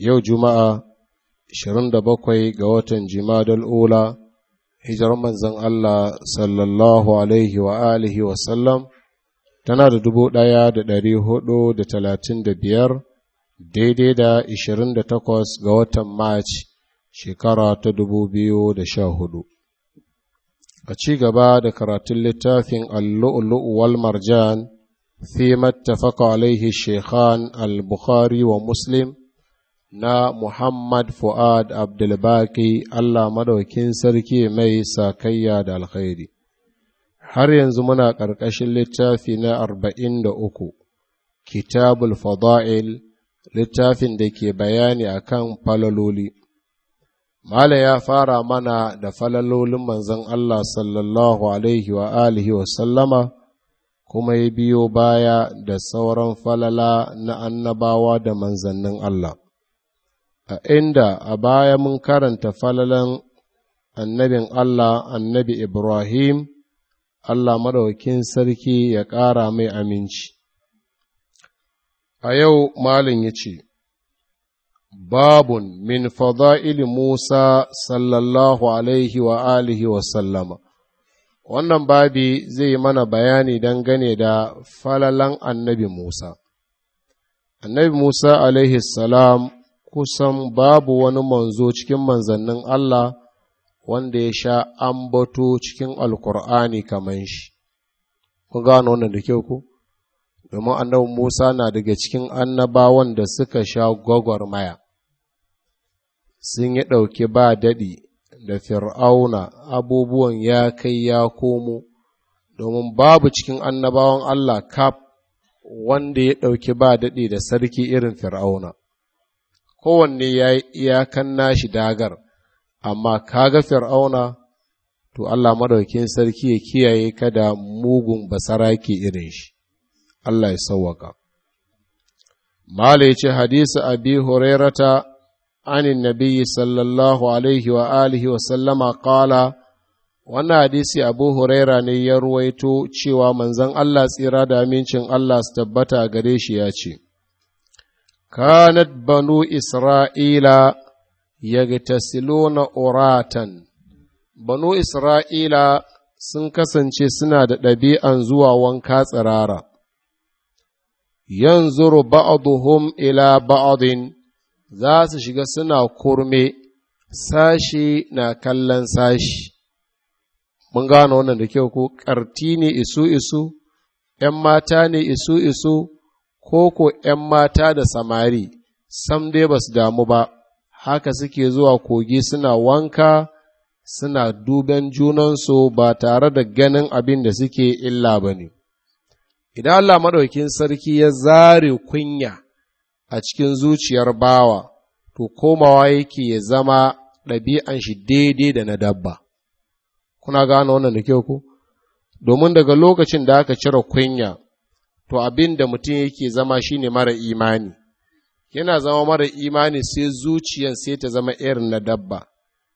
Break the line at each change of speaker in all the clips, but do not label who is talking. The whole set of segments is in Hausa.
yau juma'a 27 ga watan jimadal ula hijirar manzan Allah sallallahu alaihi wa alihi wasallam tana da dubu da ɗari hudu da talatin biyar daidai da ishirin da ga watan maci shekara ta dubu da sha hudu a ci gaba da karatun littafin allu'ulu'u wal marjan fi mattafaka alaihi shekhan al-bukhari wa muslim na Muhammad Fu'ad Abdulbaki Allah madaukin sarki mai sakayya da alkhairi. Har yanzu muna ƙarƙashin littafi na arba'in da uku, Kitabul Fada'il, littafin da ke bayani a kan falaloli. Mala ya fara mana da falalolin manzon Allah sallallahu Alaihi wa alihi wa sallama, kuma ya biyo baya da sauran falala na annabawa da manzannin Allah. a inda a baya mun karanta falalan annabin Allah annabi Ibrahim, Allah maɗaukin sarki ya ƙara mai aminci. A yau Malin ya ce, Babun min fada'ili Musa sallallahu alaihi wa alihi wa sallama. Wannan babi zai mana bayani dangane da falalan annabi Musa. Annabi Musa alaihi salam kusan babu wani manzo cikin manzannin Allah wanda ya sha ambato cikin alkur'ani kamar shi kun gano wannan da kyau ku domin annabi Musa na daga cikin annabawan da suka sha gwagwarmaya sun yi ɗauki ba daɗi da fir'auna abubuwan ya kai ya komo domin babu cikin annabawan Allah kaf wanda ya ɗauki ba daɗi da sarki irin fir'auna kowanne ya yi iyakan nashi dagar amma ka ga fir'auna to Allah madaukin sarki ya kiyaye kada mugun basarake irin shi Allah ya sauwaka mala ya ce hadisi abi hurairata anin nabiyyi sallallahu alaihi wa alihi wa sallama kala, wannan hadisi abu huraira ne ya ruwaito cewa manzon Allah tsira da amincin Allah su tabbata gare shi ya ce kanat banu isra'ila yagtasiluna uratan banu isra'ila sun kasance suna da ɗabi'an zuwa wanka tsirara yanzuru ba'aduhum ila ba'adin za su shiga suna kurme sashe na kallon sashe. mun gano wannan da kyau ko ƙarti ne isu isu ‘yan mata ne isu isu ko ko ‘yan mata da samari, sam dai ba su damu ba, haka suke zuwa kogi suna wanka, suna duben junansu ba tare da ganin abin da suke illa ba ne. Idan Allah maɗaukin sarki ya zare kunya a cikin zuciyar bawa, to komawa yake ya zama ɗabi'an shi daidai da na dabba. Kuna gane wannan da kyau ku? Domin daga lokacin da aka cire kunya, to abin da mutum yake zama shine mara imani yana zama mara imani sai zuciyan sai ta zama irin na dabba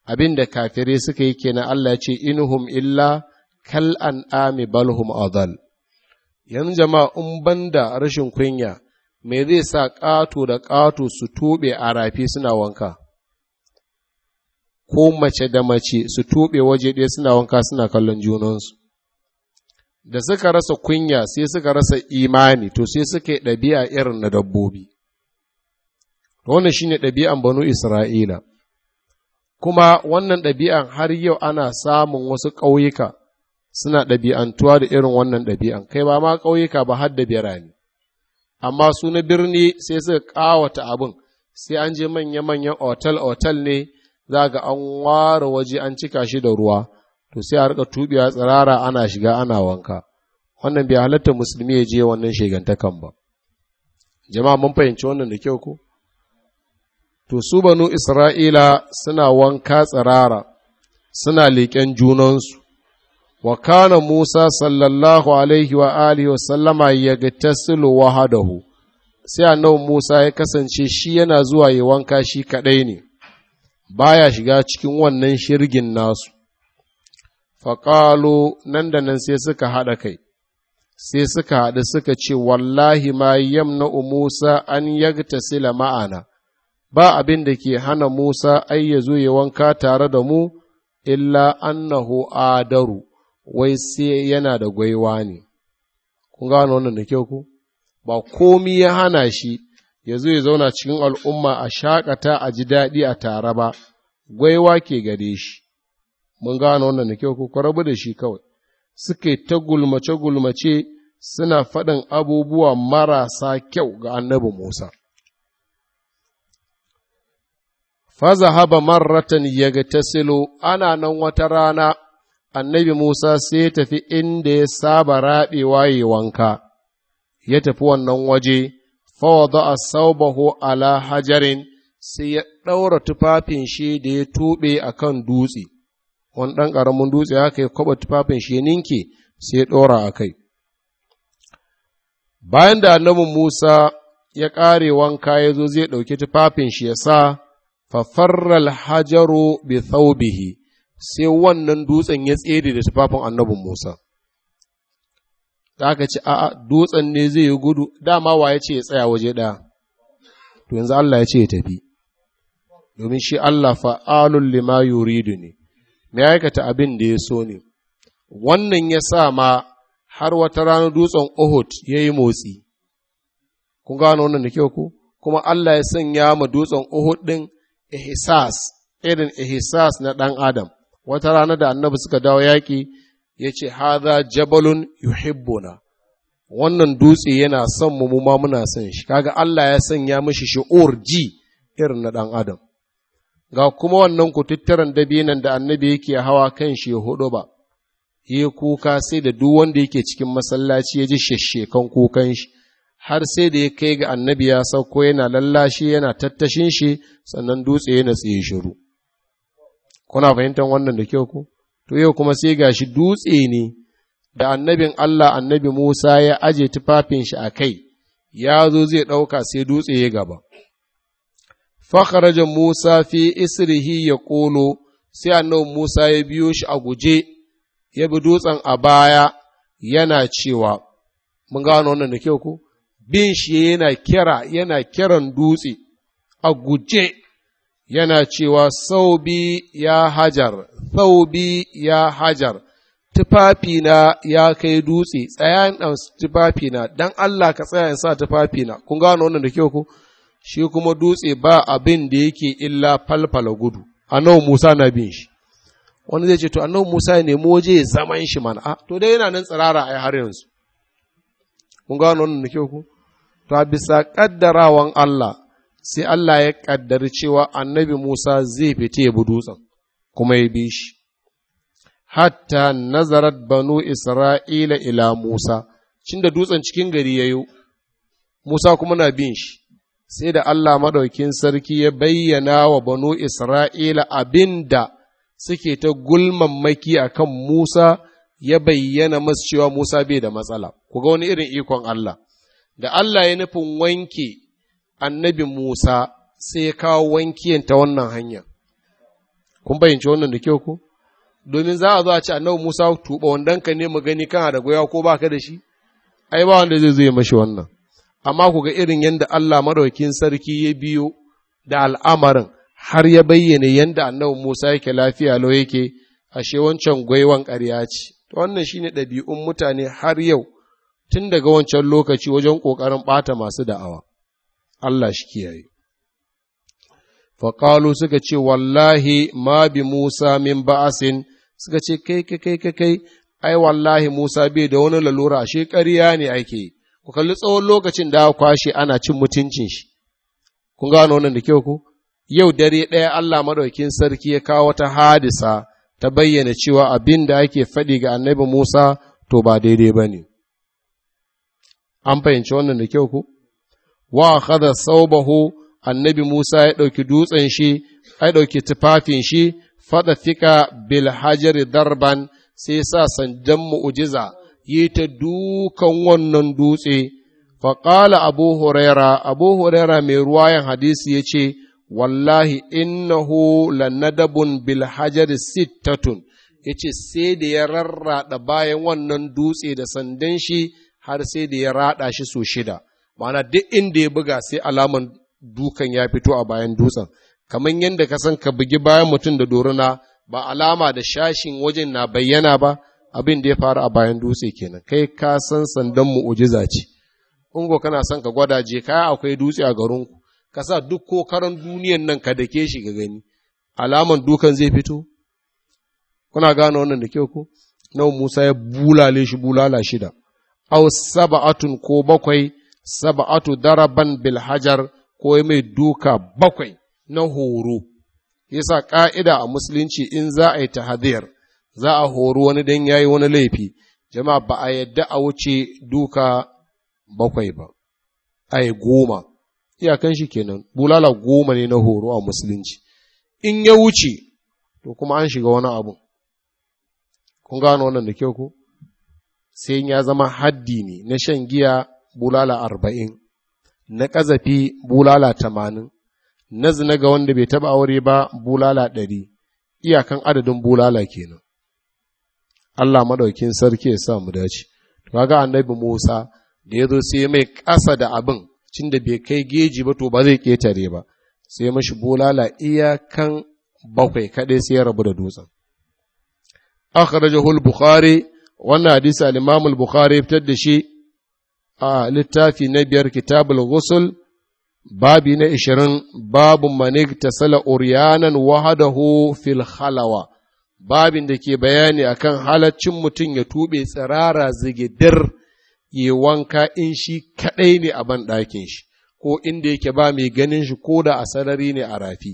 abin da kafirai suka yi kenan Allah ya ce inuhum illa kal an ami balhum adal yan jama'a in banda rashin kunya me zai sa ƙato da ƙato su tobe a rafi suna wanka ko mace da mace su tobe waje ɗaya suna wanka suna kallon junansu da suka rasa kunya sai suka rasa imani to sai suka yi ɗabi'a irin na dabbobi wannan ne ɗabi'an banu isra'ila kuma wannan ɗabi'an har yau ana samun wasu ƙauyuka suna ɗabi'antuwa da irin wannan ɗabi'an kai ba ma ƙauyuka ba har da birane amma su na birni sai suka ƙawata abin sai an je manya-manyan otal-otal ne za ga an ware waje an cika shi da ruwa to sai a rika tubiya tsirara ana shiga ana wanka wannan bai halatta musulmi ya je wannan shegantakan ba jama'a mun fahimci wannan da kyau ko to su banu isra'ila suna wanka tsirara suna leƙen junansu wa kana musa sallallahu alaihi wa alihi wa sallama ya ga tasilu wahadahu sai annabi musa ya kasance shi yana zuwa yi wanka shi kaɗai ne baya shiga cikin wannan shirgin nasu faƙalo nan da nan sai suka haɗa kai sai suka haɗu suka ce wallahi ma yamna Musa an sila ma'ana ba abin da ke hana Musa ai ya zo ya wanka tare da mu illa annahu adaru wai sai yana da gwaiwa ne kun gano wannan da kyau ku ba komi ya hana shi ya zo ya zauna cikin al'umma a shakata a ji daɗi a tare ba gwaiwa ke gare shi mun gano wannan da kyau ku rabu da shi kawai suke ta gulmace-gulmace suna faɗin abubuwa marasa kyau ga annabi Musa. Faza haba marratan yaga silo, ana nan wata rana annabi Musa sai ya tafi inda ya saba raɓewa yi wanka, ya tafi wannan waje, fawada a saubaho ala hajarin sai ya ɗaura tufafin shi da ya tuɓe a kan dutse, wani ɗan ƙaramin dutse haka ya kwaba tufafin shi ya ninke sai ya ɗora a kai bayan da annabin musa ya ƙare wanka ya zo zai ɗauki tufafin shi ya sa fafarral hajaru bi thawbihi sai wannan dutsen ya tsere da tufafin annabin musa da aka ci a'a dutsen ne zai yi gudu dama wa ya ce ya tsaya waje ɗaya to yanzu Allah ya ce ya tafi domin shi Allah fa'alun lima yuridu ne mai aikata abin da ya so ne wannan ya sa ma har wata rana dutsen Uhud ya yi motsi kun gano wannan da kyau ku kuma Allah ya sanya ma dutsen Uhud ɗin ihsas irin ihsas na ɗan adam wata rana da annabi suka dawo yaki, ya ce haza jabalun yuhibbuna wannan dutse yana son mu mu ma muna son shi kaga Allah ya sanya mishi shi ji irin na ɗan adam ga kuma wannan kututturen dabinan da annabi yake hawa kan shi hudu ba ya kuka sai da duk wanda yake cikin masallaci ya ji shashshekan kukan shi har sai da ya kai ga annabi ya sauko yana lallashi yana tattashin shi sannan dutse yana tsaye shiru kuna fahimtar wannan da kyau ko to yau kuma sai gashi dutse ne da annabin Allah annabi Musa ya aje tufafin shi a kai ya zo zai ɗauka sai dutse ya gaba fakharaja Musa fi isrihi ya kolo sai annabi Musa ya biyo shi a guje, ya bi dutsen a baya yana cewa, Mun gano wannan da kyau ko? Bin shi yana kira, yana kiran dutse a guje, yana cewa, Saubi ya hajar, saubi ya hajar, tufafina ya kai dutse, tsayan tufafina, don Allah ka tsaya sa tufafina, kun gano wannan da kyau ko? shi kuma dutse ba abin da yake illa falfala gudu annabi Musa na bin shi wani zai ce to annabi Musa ya nemi waje zaman shi mana a ah, to dai yana nan tsirara ai har yanzu kun ga wannan nake ku to a bisa kaddarawan Allah sai Allah ya kaddar cewa annabi Musa zai fita ya bi dutsen kuma ya bi shi hatta nazarat banu Isra'ila ila Musa cin da dutsen cikin gari yayo Musa kuma na bin shi sai da Allah maɗaukin sarki ya bayyana wa banu Isra'ila abin da suke ta gulman maki a kan Musa ya bayyana masu cewa Musa bai da matsala, ku ga wani irin ikon Allah, da Allah ya nufin wanke annabi Musa sai ya kawo wankiyan ta wannan hanya. Kun bayyance wannan da kyau ko? Domin za a zo a ci annabi Musa tuɓa wandonka ne mu gani kana da goya ko baka da shi? Ai ba wanda zai zo ya mashi wannan. amma ku ga irin yadda Allah maraukin sarki ya biyo da al'amarin har ya bayyana yadda annabin Musa yake lafiya lau yake ashe wancan gwaiwan ƙarya ce wannan shi ne ɗabi'un mutane har yau tun daga wancan lokaci wajen ƙoƙarin ɓata masu da'awa Allah shi kiyaye faƙalu suka ce wallahi ma bi Musa min ba'asin suka ce kai kai kai kai ai wallahi Musa bai da wani lalura ashe ƙarya ne ake yi. ku kalli tsawon lokacin da aka kwashe ana cin mutuncin shi kun gano wannan da kyau ku yau dare ɗaya Allah madaukin sarki ya kawo wata hadisa ta bayyana cewa abinda da ake faɗi ga annabi Musa to ba daidai ba ne. An fahimci wannan da kyau ku? Wa khadha saubahu annabi Musa ya ɗauki dutsen shi, ya ɗauki tufafin shi, faɗa fika bil darban sai sa sandan mu'ujiza yi ta dukan wannan dutse faƙala abu huraira abu huraira mai ruwayan hadisi ya ce wallahi innahu lanadabun bil hajar sittatun ya ce sai da ya rarraɗa bayan wannan dutse da sandan shi har sai da ya raɗa shi so shida ma'ana duk inda ya buga sai alaman dukan ya fito a bayan dutsen kamar yadda ka san ka bugi bayan mutum da doruna ba alama da shashin wajen na bayyana ba abin da ya faru a bayan dutse kenan kai ka san sandan mu'ujiza ce ungo kana son ka gwada je kaya akwai dutse a garin ku ka sa duk kokarin duniyan nan ka dake shi ga gani alaman dukan zai fito kuna gane wannan da kyau ko nawa Musa ya bulale shi bulala shida aw sab'atun ko bakwai sab'atu daraban bil hajar ko mai duka bakwai na horo yasa ka'ida a musulunci in za a yi tahadiyar za a hori wani dan yayi wani laifi jama'a ba a yadda a wuce duka bakwai ba a yi goma iyakan shi kenan bulala goma ne na horo a musulunci in ya wuce to kuma an shiga wani abu kun gano wannan da kyau ko sai ya zama haddi ne na shan giya bulala arba'in na ƙazafi bulala tamanin na zina ga wanda bai taɓa aure ba bulala ɗari iyakan adadin bulala kenan Allah maɗaukin sarki ya sa mu dace kaga annabi Musa da ya zo sai mai ƙasa da abin cin bai kai geji ba to ba zai ketare ba sai mashi bulala iyakan bakwai kaɗai sai ya rabu da dutsen akhrajahu al-bukhari wannan hadisi al-imam al-bukhari fitar da shi a littafi na biyar kitabul ghusl babi na 20 babu manik tasala uryanan wahadahu fil khalawa babin da ke bayani akan halaccin mutum ya tuɓe tsirara zigidir ya wanka in shi kaɗai ne a banɗakin shi ko inda yake ba mai ganin shi ko da a sarari ne a rafi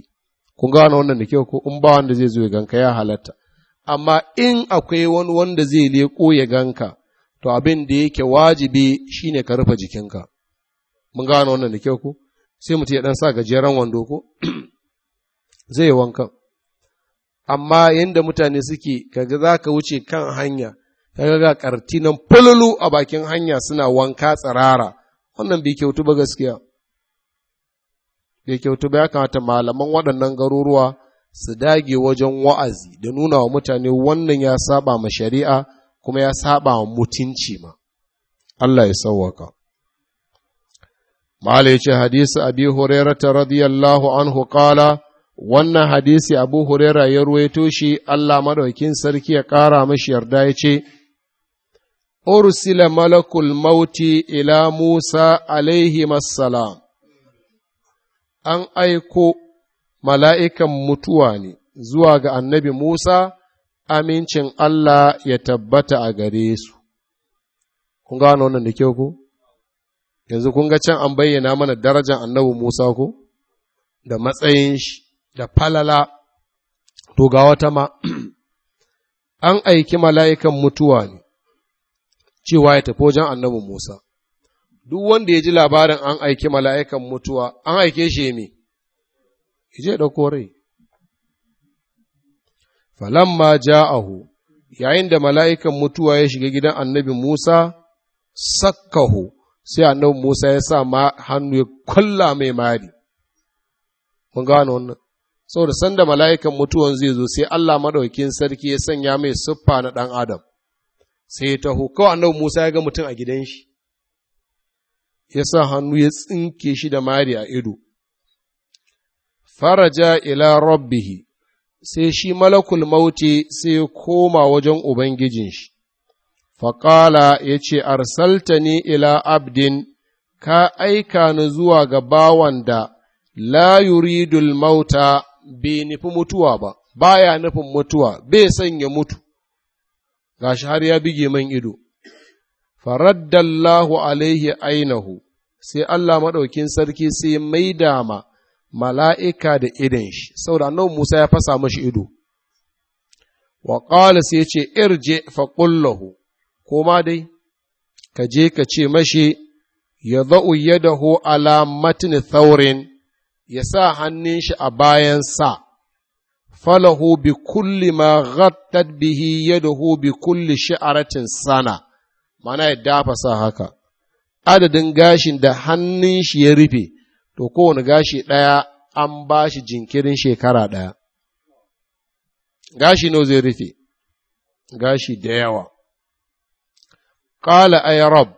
kun gane wannan da kyau ko in ba wanda zai zo ya ganka ya halatta amma in akwai wani wanda zai leƙo ya ganka to abin da yake wajibi shine ka rufe jikinka mun gane wannan da kyau ko sai mutum ya dan sa gajeren wando ko zai wankan amma yadda mutane suke kaga za ka wuce kan hanya kaga ga karti nan fululu a bakin hanya suna wanka tsirara wannan bai kyautu ba gaskiya bai kyautu ba ya kamata malaman waɗannan garuruwa su dage wajen wa'azi da nuna wa mutane wannan ya saba ma shari'a kuma ya saba wa mutunci ma Allah ya sauwaka Mala ya ce hadisi abi hurairata radiyallahu anhu kala. wannan hadisi abu huraira ya ruwaito shi Allah madaukin sarki ya ƙara mashi yarda ya ce ursila malakul mauti ila musa alaihi salam an aiko mala'ikan mutuwa ne zuwa ga annabi musa amincin Allah ya tabbata a gare su kun gano wannan da kyau ku yanzu kun ga can an bayyana mana darajar annabi musa ku da matsayin shi da falala, to ga wata ma, an aiki mala'ikan mutuwa ne, cewa ya tafi wajen annabi Musa, duk wanda ya ji labarin an aiki mala'ikan mutuwa, an aike shi me, ije ɗauko rai. Falamma ja'ahu, yayin da mala'ikan mutuwa ya shiga gidan annabi Musa, sakkahu, sai annabi Musa ya sa hannu ya kwalla mai mari. Mun gano wannan. saboda sanda mala'ikan mutuwan zai zo sai Allah maɗaukin sarki ya sanya mai siffa na ɗan adam sai ya taho kawai annabi Musa ya ga mutum a gidan shi ya sa hannu ya tsinke shi da mari a ido faraja ila rabbihi sai shi malakul mauti sai ya koma wajen ubangijin shi faƙala ya ce arsaltani ila abdin ka aika ni zuwa ga bawan da la yuridul mauta bai nufi mutuwa ba, baya nufin mutuwa, bai son ya mutu, gashi har ya bige man ido. Faraddallahu alaihi ainahu, sai Allah maɗaukin sarki sai maida dama mala'ika da idan shi, saboda annabi Musa ya fasa mashi ido. Wa ƙala sai ce, irje faƙullahu. ƙullahu, koma dai, ka je ka ce mashi, ya za'u yadahu ala thaurin. ya sa hannun shi a bayan sa falahu bi kulli ma ghattat bihi yadahu bi kulli sha'aratin sana mana ya dafa sa haka adadin gashin da hannun shi ya rufe to kowane gashi ɗaya an ba shi jinkirin shekara ɗaya gashi no zai rufe gashi da yawa ƙala ay rab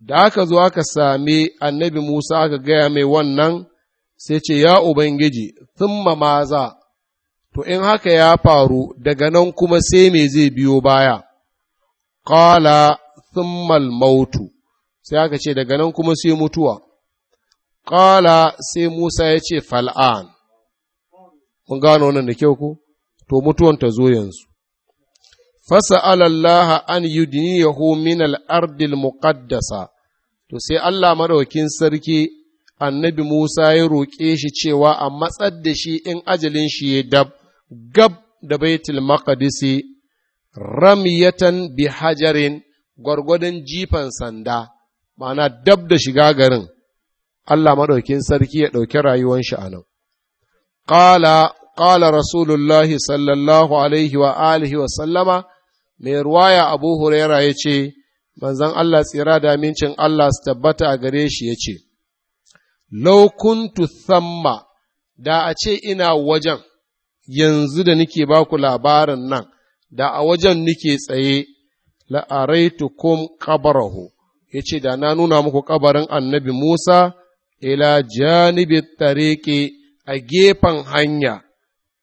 da aka zo aka same annabi Musa aka gaya mai wannan sai ce ya ubangiji thumma maza to in haka ya faru daga nan kuma sai me zai biyo baya qala thumma mautu sai aka ce daga nan kuma sai mutuwa qala sai Musa ya ce fal'an mun gano wannan da kyau ko to mutuwan ta zo yanzu Allah an أن يدنيه من الأرض muƙaddasa. to sai Allah madaukin sarki annabi Musa ya roƙe shi cewa a matsar da shi in ajalin shi ya dab gab da baitul maqdisi ramiyatan bi hajarin gwargwadon jifan sanda Mana dab da shiga garin Allah maɗaukin sarki ya ɗauki rayuwan shi a nan qala qala sallallahu alaihi wa alihi wa sallama mai ruwaya abu huraira ya ce manzon Allah tsira da amincin Allah su tabbata a gare shi ya ce laukuntu thamma da a ce ina wajen yanzu da nike baku labarin nan da a wajen nike tsaye la'araitukum ya yace da na nuna muku kabarin annabi Musa ila janibi tariqi a gefen hanya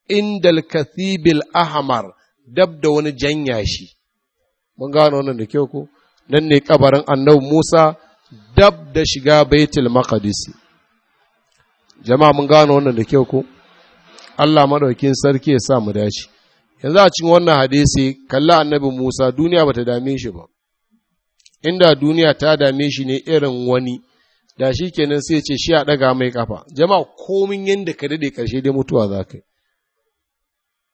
indal kathibil ahmar dab da wani janya shi mun gano wannan da kyau ko nan ne kabarin annabi Musa dab da shiga baitul maqdisi jama'a mun gano wannan da kyau ko Allah madaukin sarki ya sa mu dace yanzu a cikin wannan hadisi kalla annabi Musa duniya bata dame shi ba inda duniya ta dame shi ne irin wani da shi kenan sai ya ce shi a daga mai kafa jama'a komin yanda ka dade karshe dai mutuwa za ka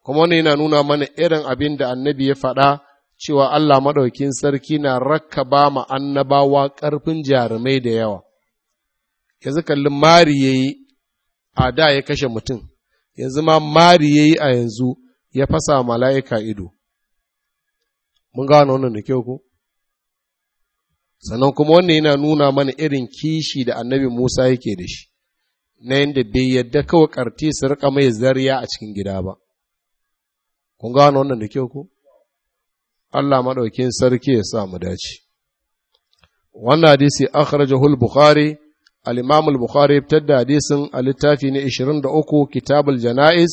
kuma wannan yana nuna mana irin abin da annabi ya faɗa cewa Allah madaukin sarki na rakkaba ma annabawa ƙarfin jarumai da yawa yanzu kallin mari yayi a da ya kashe mutum yanzu ma mari ya yi a yanzu ya fasa mala'ika ido mun gano wannan da kyau ko sannan kuma wannan yana nuna mana irin kishi da annabi Musa yake da shi, na yadda bai yadda kawai karti su rika mai zariya a cikin gida ba. Kun gano wannan da kyau ko? Allah maɗaukin sarki ya sa mu dace. Wannan hadisi akhrajahu al-Bukhari al-imam al-bukhari ya fitar da hadisin a littafi na 23 kitabul janaiz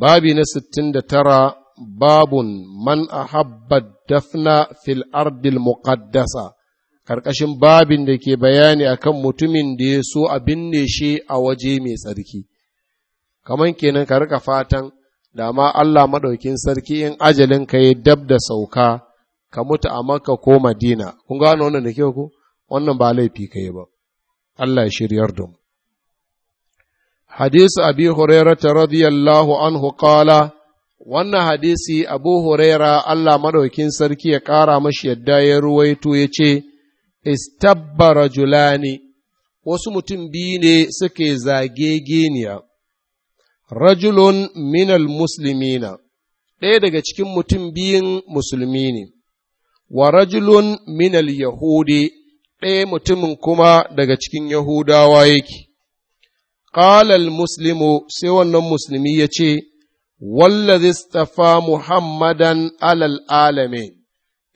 babi na 69 babun man dafna fil ardil muqaddasa karkashin babin da ke bayani akan mutumin da ya so a binne shi a waje mai tsarki kaman kenan ka rika fatan da Allah maɗaukin sarki in ajalin ka yi dab da sauka ka mutu a makka ko madina kun gano wannan da kyau ko wannan ba laifi ka yi ba Allah ya shiryar da mu Hadisi Abi Huraira ta radiyallahu anhu kala, wannan hadisi abu huraira Allah maɗaukin sarki ya ƙara mashi yadda ya ruwaito ya ce, Istabba julani, wasu mutum biyu ne suke zage geniya, rajulun minal muslimina, ɗaya daga cikin mutum biyun musulmi ne, wa rajulun minal yahudi, ɗaya mutumin kuma daga cikin Yahudawa yake. Ƙalal Muslimu sai wannan Musulmi ya ce, Wallazi stafa Muhammadan alal alamin,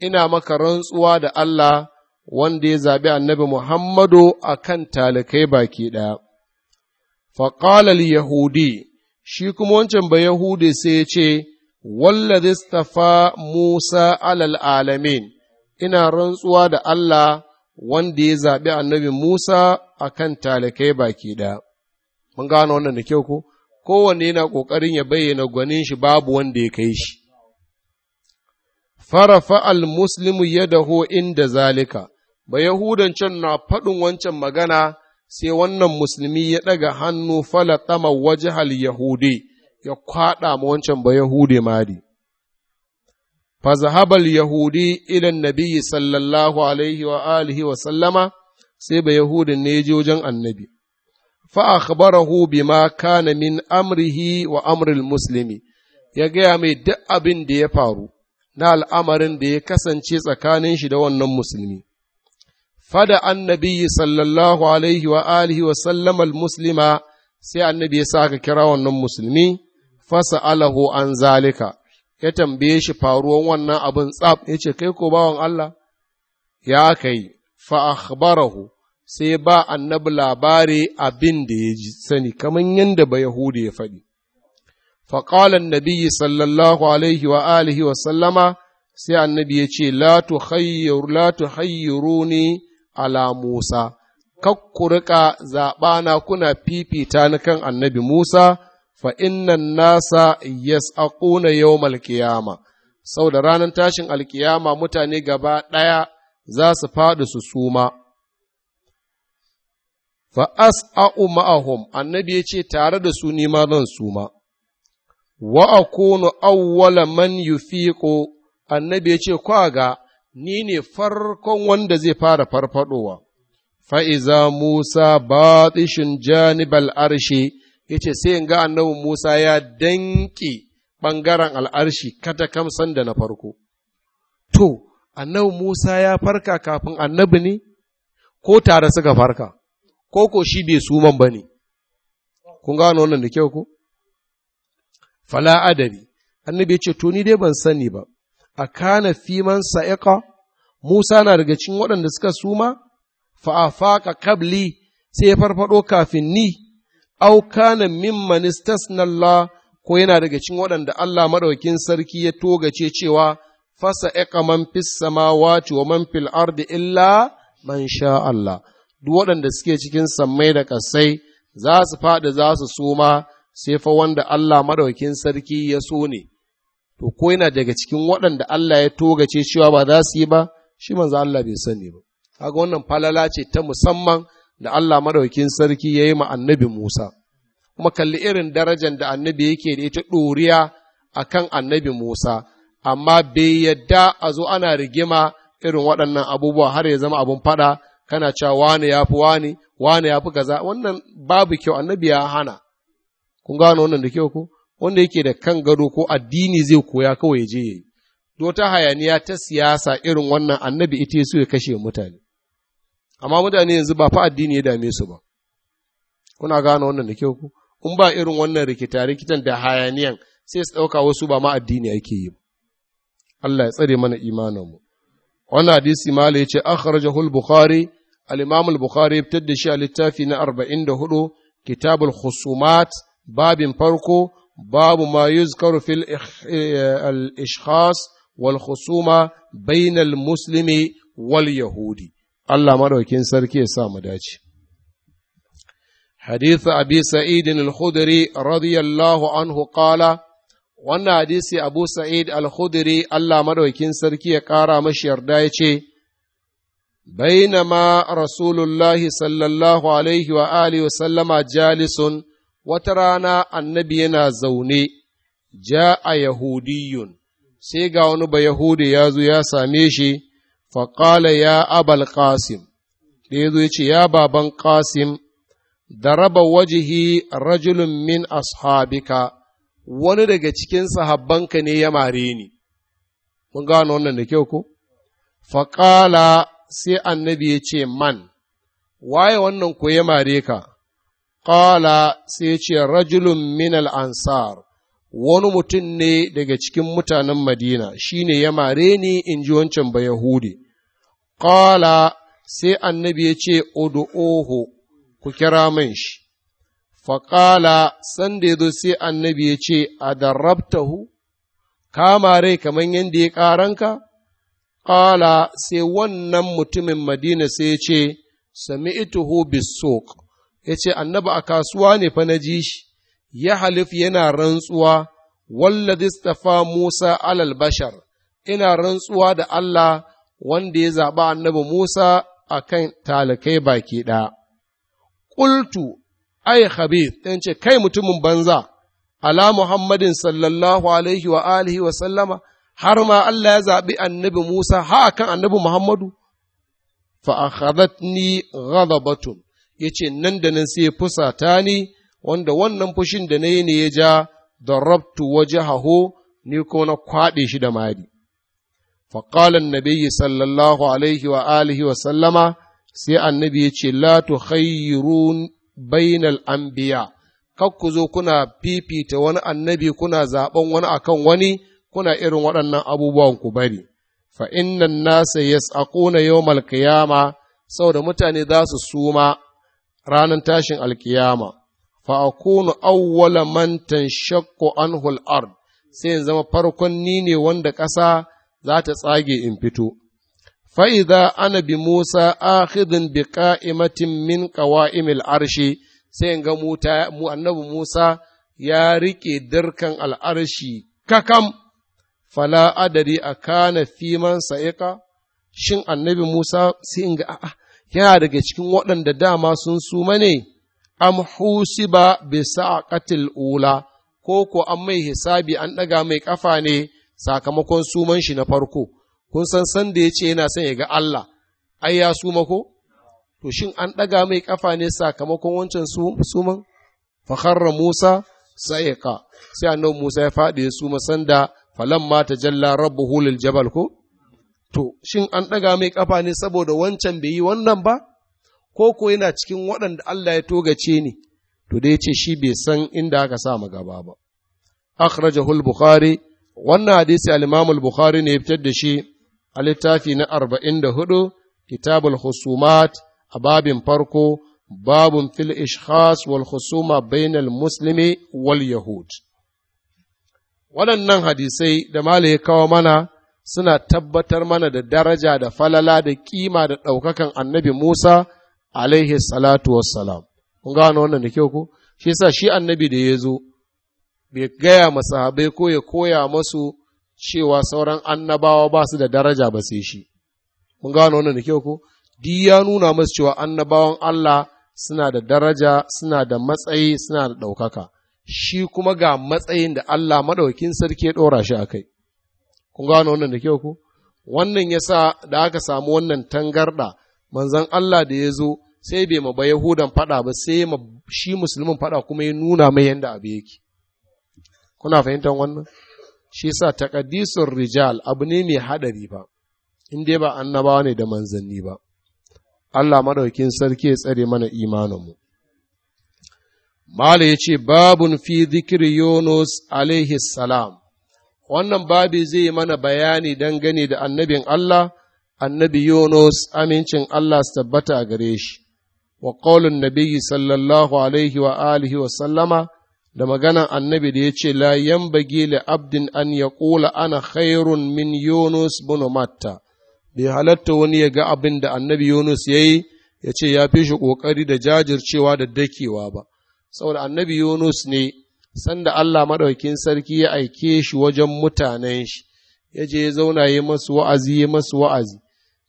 ina maka rantsuwa da Allah wanda ya zaɓi annabi Muhammadu a kan talikai baki ɗaya. Faƙalal Yahudi, shi kuma wancan ba Yahudi sai ya ce, Wallazi stafa Musa alal alamin, ina rantsuwa da Allah wanda ya zaɓi annabi Musa a kan talakai baki ɗaya. Mun gano wannan da kyau ko? Kowanne yana ƙoƙarin ya bayyana gwanin shi babu wanda ya kai shi. Farafa al-Muslimu daho inda zalika, ba Yahudan can na faɗin wancan magana sai wannan musulmi ya ɗaga hannu ɗama waje hal Yahudi, ya kwaɗa ma wancan ba Yahude mari. fazahabal yahudi ilan nabi sallallahu alaihi wa alihi wa sallama sai ba yahudin ne je wajen annabi fa akhbarahu bima kana min amrihi wa amril muslimi ya gaya mai duk abin da ya faru na al'amarin da ya kasance tsakanin shi da wannan musulmi fada annabi sallallahu alaihi wa alihi wa sallam al-muslima sai annabi ya ka kira wannan musulmi fasa alahu an zalika ya tambaye shi faruwan wannan abin tsab? ya ce kai ko bawan Allah ya kai fa akhbarahu sai ba annabi labari abin da ya ji sani kaman yadda ba yahudi ya faɗi. annabi sallallahu alaihi wa alihi wa sallama sai annabi ya ce la tuhayyiruni ala Musa ku riƙa zaɓana kuna fifita na kan annabi Musa fa inna nasa yas'aquna yawmal qiyama saboda ranar tashin alkiyama mutane gaba ɗaya za su faɗi su suma fa as'a'u ma'ahum annabi ya ce tare da su nima zan suma wa akunu awwala man yufiqu annabi ya ce kwaga ni ne farkon wanda zai fara farfadowa fa'iza Musa baɗishin janibal arshe ya ce sai in ga annabin Musa ya danƙe ɓangaren al'arshi kata kamsan da na farko. To, annabi Musa ya farka kafin annabi ne, ko tare suka farka, ko ko shi bai suman ba ne, kun gano wannan da kyau ko? Fala adabi, annabi ya ce, To, ni dai ban sani ba, a kana fiman sa'iƙa, Musa na daga cikin waɗanda suka suma, ka kabli sai ya farfaɗo kafin ni, au kana mimman istasnallah ko yana daga cikin waɗanda Allah madaukin sarki ya togace cewa fasa eƙa man fis samawati wa man fil ardi illa man sha Allah duk waɗanda suke cikin sammai da ƙasai za su faɗi za su suma sai fa wanda Allah madaukin sarki ya so ne to ko yana daga cikin waɗanda Allah ya togace cewa ba za su yi ba shi manzo Allah bai sani ba kaga wannan falala ce ta musamman da Allah maɗaukin sarki ya yi ma annabi Musa, kuma kalli irin darajar da annabi yake da ita ɗoriya a kan annabi Musa, amma bai yadda a zo ana rigima irin waɗannan abubuwa har ya zama abin faɗa kana cewa wani ya fi wani, wani ya fi gaza. wannan babu kyau annabi ya hana. Kun gano wannan da kyau ko? Wanda yake da kan gado ko addini zai koya kawai je ya yi. ta hayaniya ta siyasa irin wannan annabi ita so ya kashe mutane. amma mutane yanzu ba fa addini ya dame su ba kuna gane wannan da kyau ku in ba irin wannan rikita rikitan da hayaniyan sai su ɗauka wasu ba ma addini ake yi Allah ya tsare mana imanin mu wannan hadisi mala yace akhrajahu al-bukhari al-imam al-bukhari fitar da shi a littafi na 44 kitabul khusumat babin farko babu ma yuzkaru fil eh, al-ishkhas wal khusuma bainal muslimi wal yahudi Allah maɗaukin sarki ya sa mu dace. Hadith Abi Sa’id al-Khudri radiyallahu anhu ƙala, wannan hadisi Abu Sa’id al-Khudri Allah maɗaukin sarki ya ƙara mashi yarda ya ce, بينما رسول wata rana Annabi yana zaune, ja a وترانا Sai ga wani Bayahudi سيغاون بيهودي يازو يا ساميشي faƙala ya abal ƙasim, da ya zo ya ce ya baban ƙasim, da raba wajihi rajulun min ashabika wani daga cikin sahabbanka ne ya mare ni mun gano wannan da kyau ko faƙala sai annabi ya ce man waye wannan ko ya mare ka ƙala sai ce rajulun min ansar wani mutum ne daga cikin mutanen madina shine ya mare ni in ji wancan ba yahudi Ƙala sai annabi ya ce, oho ku kira man shi, faƙala sanda ya zo sai annabi ya ce, A kama rai kamar yadda ya ƙaranka? Ƙala sai wannan mutumin Madina sai ya ce, Sami ituhu bisok, ya ce, annaba a kasuwa ne fa na ji shi, ya halif yana rantsuwa, wallazi Musa alal bashar, ina rantsuwa da Allah. wanda ya zaɓa annabi Musa a kan talakai baki ɗaya. Ƙultu, ai, Habib, ɗan ce, kai mutumin banza, ala Muhammadin sallallahu alaihi wa alihi wa sallama, har ma Allah ya zaɓi annabi Musa ha a kan annabi Muhammadu? Fa'akhadatni ghadabatun ya ce, nan da nan sai fusata ni, wanda wannan fushin da na yi ne ya ja, rabtu waje haho, ni kuma na kwaɗe shi da mari. فقال النبي صلى الله عليه وآله وسلم sai annabi ya ce la tukhayyirun bainal anbiya kar ku zo kuna fifita wani annabi kuna zaben wani akan wani kuna irin waɗannan abubuwan ku bari fa innan nasa yas'aquna yawmal qiyama saboda mutane za su suma ranar tashin alkiyama fa akunu awwala man tanshaqqu anhu al sai zama farkon ni ne wanda ƙasa za ta tsage in fito. Fa'iza ana bi Musa akhidin bi ka'imatin min ƙawa'imil arshi sai ga mu Musa ya riƙe dirkan al'arshi kakam, fala adari a kana fiman sa'iƙa, shin annabi Musa sai in ga a'a, yana daga cikin waɗanda dama sun suma ne, am husiba bisa ula, ko ko an mai hisabi an ɗaga mai ƙafa ne. sakamakon suman shi na farko kun san san da ya ce yana son ya ga Allah ai ya suma ko to shin an ɗaga mai ƙafa ne sakamakon wancan suman fakharra Musa ka, sai annabi Musa ya faɗi ya suma sanda mata jalla, rabu lil jabal ko to shin an ɗaga mai ƙafa ne saboda wancan bai yi wannan ba ko ko yana cikin waɗanda Allah ya togace ne to da ya ce shi bai san inda aka sa magaba gaba ba akhrajahu Hul bukhari wannan hadisi al-Imam al-Bukhari ne ya fitar da shi a littafi na 44 Kitabul Husumat a babin farko babun fil ishkhas wal husuma bainal muslimi wal yahud waɗannan hadisai da mala ya kawo mana suna tabbatar mana da daraja da falala da kima da ɗaukakan annabi Musa alaihi salatu wassalam kun gano wannan da kyau ko? shi yasa shi annabi da ya zo bai gaya masahabai ko ya koya masu cewa sauran annabawa ba su da daraja ba sai shi mun gano wannan da kyau ko di ya nuna masu cewa annabawan Allah suna da daraja suna da matsayi suna da ɗaukaka shi kuma ga matsayin da Allah maɗaukin sarki ya ɗora shi a kai kun gano wannan da kyau ko wannan ya sa da aka samu wannan tangarɗa manzan Allah da ya zo sai bai ma ba Yahudan faɗa ba sai ma shi musulmin faɗa kuma ya nuna mai yadda abu yake kuna fahimtar wannan shi sa takaddisun rijal abu ne mai haɗari ba in dai ba annabawa ne da manzanni ba Allah madaukin sarki ya tsare mana imaninmu Mala ya ce, Babun fi zikiri Yunus alaihi salam, wannan babu zai mana bayani dangane da annabin Allah, annabi Yunus amincin Allah su tabbata a gare shi, wa qaulun nabiyyi sallallahu alaihi wa alihi wa sallama da maganan annabi da ya ce la yambagi li abdin an ya ƙula ana khairun min yunus bin matta bai halatta wani ya ga abin da annabi yunus ya yi ya ce ya fi shi ƙoƙari da jajircewa da dakewa ba saboda annabi yunus ne sanda allah maɗaukin sarki ya aike shi wajen mutanen shi ya je ya zauna ya masu wa'azi ya masu wa'azi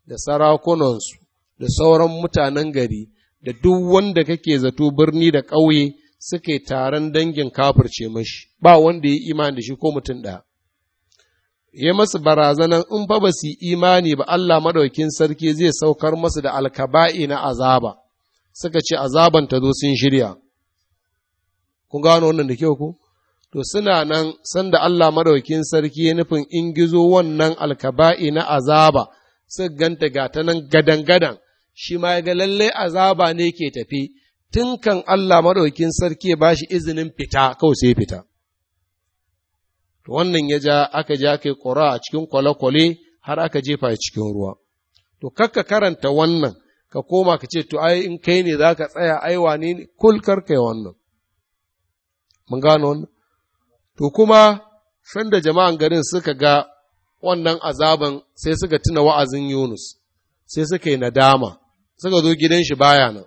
da sarakunansu da sauran mutanen gari da duk wanda kake zato birni da ƙauye suke taron dangin kafirce mashi ba wanda ya imani da shi ko mutum ɗaya ya masu barazanan in fa ba su imani ba Allah madaukin sarki zai saukar masu da alkaba'i na azaba suka ce azaban ta zo sun shirya kun gano wannan da kyau ko to suna nan sanda Allah maɗaukin sarki ya nufin in gizo wannan alkaba'i na azaba suka ganta gata nan gadan gadan shi ma ga lallai azaba ne ke tafi tun kan Allah maɗaukin sarki ya bashi izinin fita kawai sai fita wannan ya ja aka ja kai ƙura a cikin kwale-kwale har aka jefa a cikin ruwa to kakka karanta wannan ka koma ka ce to ai in kai ne za ka tsaya ai wane kul karkai wannan mun gano wannan to kuma da jama'an garin suka ga wannan azaban sai suka tuna wa'azin Yunus sai suka yi nadama suka zo gidan shi baya nan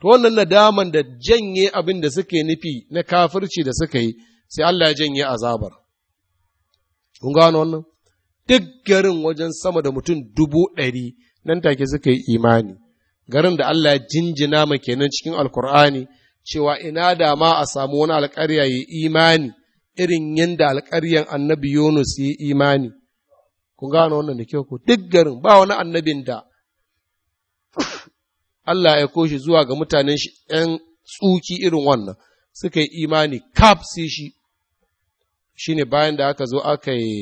to wannan nadaman da janye abin da suke nufi na kafirci da suka yi sai Allah ya janye azabar kun gano wannan duk garin wajen sama da mutum dubu ɗari nan take suka yi imani garin da Allah ya jinjina ma kenan cikin alkur'ani cewa ina da ma a samu wani alƙarya ya imani irin yadda alƙaryan annabi Yunus ya imani kun gano wannan da kyau ko duk garin ba wani annabin da Allah ya koshi zuwa ga mutanen shi ‘yan tsuki irin wannan, suka yi imani kaf sai shi, shi ne bayan da aka zo aka yi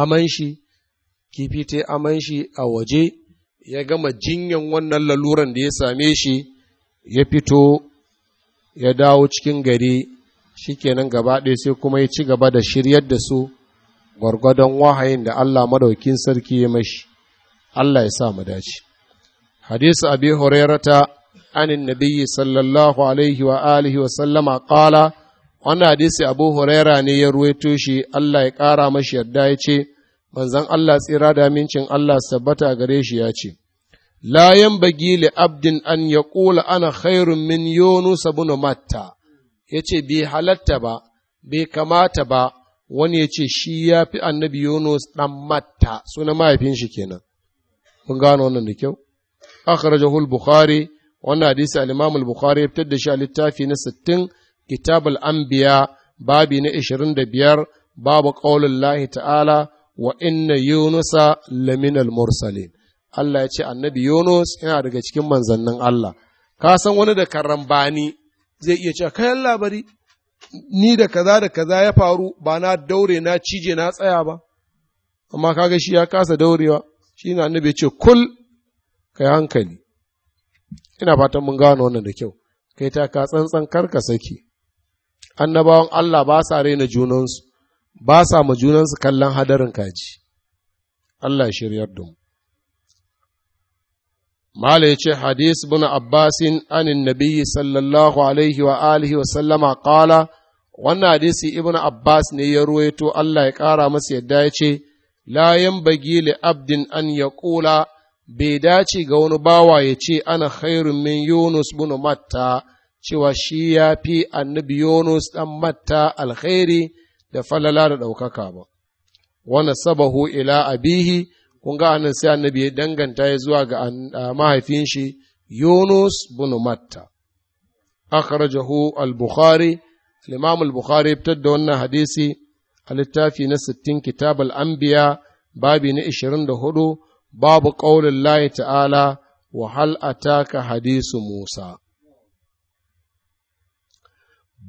aman shi, kifi ta aman shi a waje, ya gama jinyan wannan laluran da ya same shi, ya fito, ya dawo cikin gari, shi kenan gaba ɗaya sai kuma ya ci gaba da shiryar da su gwargwadon wahayin da Allah madaukin sarki ya mashi, Allah ya sa mu dace. hadisu abi hurairata anin nabiyyi sallallahu alaihi wa alihi wa sallama qala wannan hadisi abu huraira ne ya ruwaito shi Allah ya ƙara mashi yarda ya ce manzon Allah tsira da mincin Allah sabbata gare shi ya ce la yanbaghi li abdin an yaqula ana khairun min yunus ibn matta yace bai halatta ba bai kamata ba wani ya ce shi ya fi annabi yunus ɗan matta sunan mahaifin shi kenan mun gano wannan da kyau akhrajahu al-bukhari wannan hadisi al-imam al-bukhari ya fitar da shi a littafi na sittin, kitab Ambiya, anbiya babi na biyar, babu qaulin lahi ta'ala wa inna yunusa Laminal al-mursalin Allah ya ce annabi Yunus yana daga cikin manzannin Allah ka san wani da karambani zai iya cewa kayan labari ni da kaza da kaza ya faru ba na daure na cije na tsaya ba amma kaga shi ya kasa daurewa shi na annabi ya ce kul kai hankali ina fatan mun gano wannan da kyau kai ta ka tsantsan karka saki annabawan Allah ba sa raina junansu ba sa ma junansu kallon hadarin kaji Allah ya shiryar da mu Mala ya ce hadis bin Abbasin anin nabiyyi sallallahu alaihi wa alihi wa sallama qala wannan hadisi ibn Abbas ne ya ruwaito Allah ya kara masa yadda ya ce, La yan li abdin an yaqula bai dace ga wani bawa ya ce ana khairun min Yunus bin Matta cewa shi ya fi annabi Yunus ɗan Matta alkhairi da falala da ɗaukaka ba. Wani sabahu ila abihi kun ga anan sai annabi ya danganta ya zuwa ga mahaifin shi Yunus bin Matta. Akhrajahu al-Bukhari, Imam al-Bukhari fitar da wannan hadisi a littafi na sittin kitab al-Anbiya babi na 24 babu ƙaunin layi ta'ala wa hal'ataka hadisu Musa.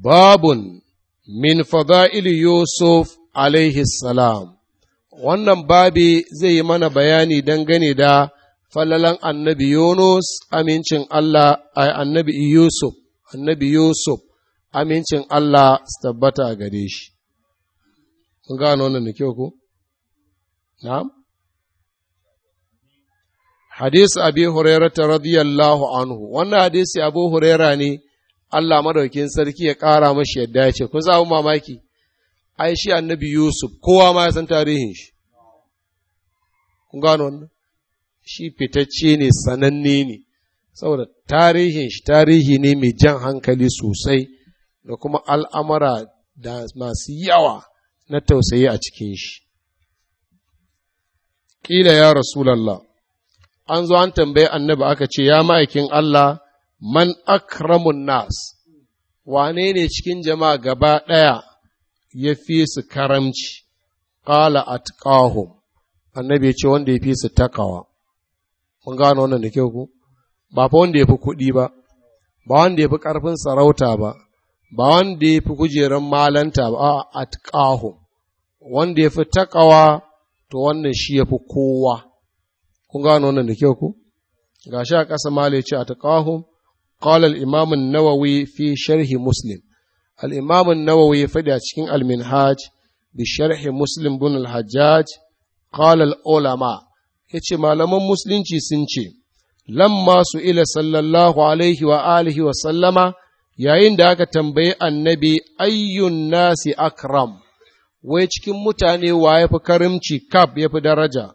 Babun min fada'ili Yusuf alaihi salam wannan babi zai yi mana bayani dangane da falalan annabi Yunus amincin Allah annabi Yusuf annabi Yusuf amincin Allah su tabbata gare shi. Kun gano nan da kyau ku Na'am? hadisi abi hurairata radiyallahu anhu wannan hadisi abu huraira ne Allah madaukin sarki ya kara mashi yadda ya ce kun samu mamaki ai shi annabi Yusuf kowa ma ya san tarihin shi kun gano wannan shi fitacce ne sananne ne saboda tarihin shi tarihi ne mai jan hankali sosai da kuma al'amara da masu yawa na tausayi a cikin shi ƙila ya rasulallah an zo an tambayi annabi aka ce ya ma'aikin Allah man akramun nas wane ne cikin jama'a gaba ɗaya ya fi su karamci ƙala atqahum annabi ya ce wanda ya fi su takawa mun gano wannan da kyau ku ba fa wanda ya fi kuɗi ba ba wanda ya fi ƙarfin sarauta ba ba wanda ya fi kujeran malanta ba a atqahum wanda ya fi takawa to wannan shi ya fi kowa kun gano wannan da kyau ku gashi a ƙasa mala ce a taqahum qala al-imam nawawi fi sharhi muslim al nawawi ya faɗi a cikin Almin minhaj bi sharhi muslim bin al-hajjaj qala al-ulama yace malaman musulunci sun ce lamma su ila sallallahu alaihi wa alihi wa sallama yayin da aka tambayi annabi ayyun nasi akram wai cikin mutane wa ya fi karimci kab ya fi daraja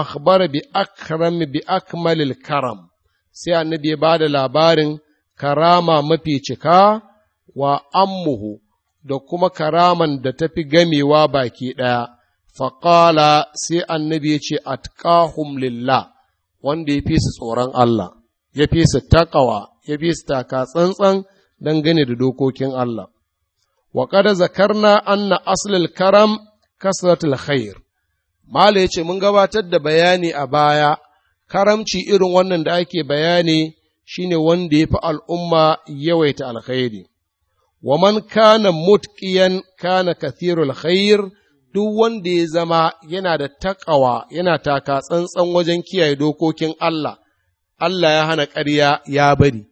akhbara bi akram bi akmalil karam sai annabi ya bada labarin karama mafi cika wa ammuhu da kuma karaman da tafi gamewa baki ɗaya faƙala sai annabi ya ce atqahum lillah wanda ya fi su tsoron Allah ya fi su taƙawa ya fi su taka tsantsan dangane da dokokin Allah wa qad zakarna anna aslil karam kasratul khair Mala ya ce, Mun gabatar da bayani a baya, karamci irin wannan da ake bayani shi ne wanda ya fi al'umma yawaita alkhairi. Wa man kana mutkiyan kana kathirul khair duk wanda ya zama yana da takawa yana taka tsantsan wajen kiyaye dokokin Allah, Allah ya hana ƙarya ya bari,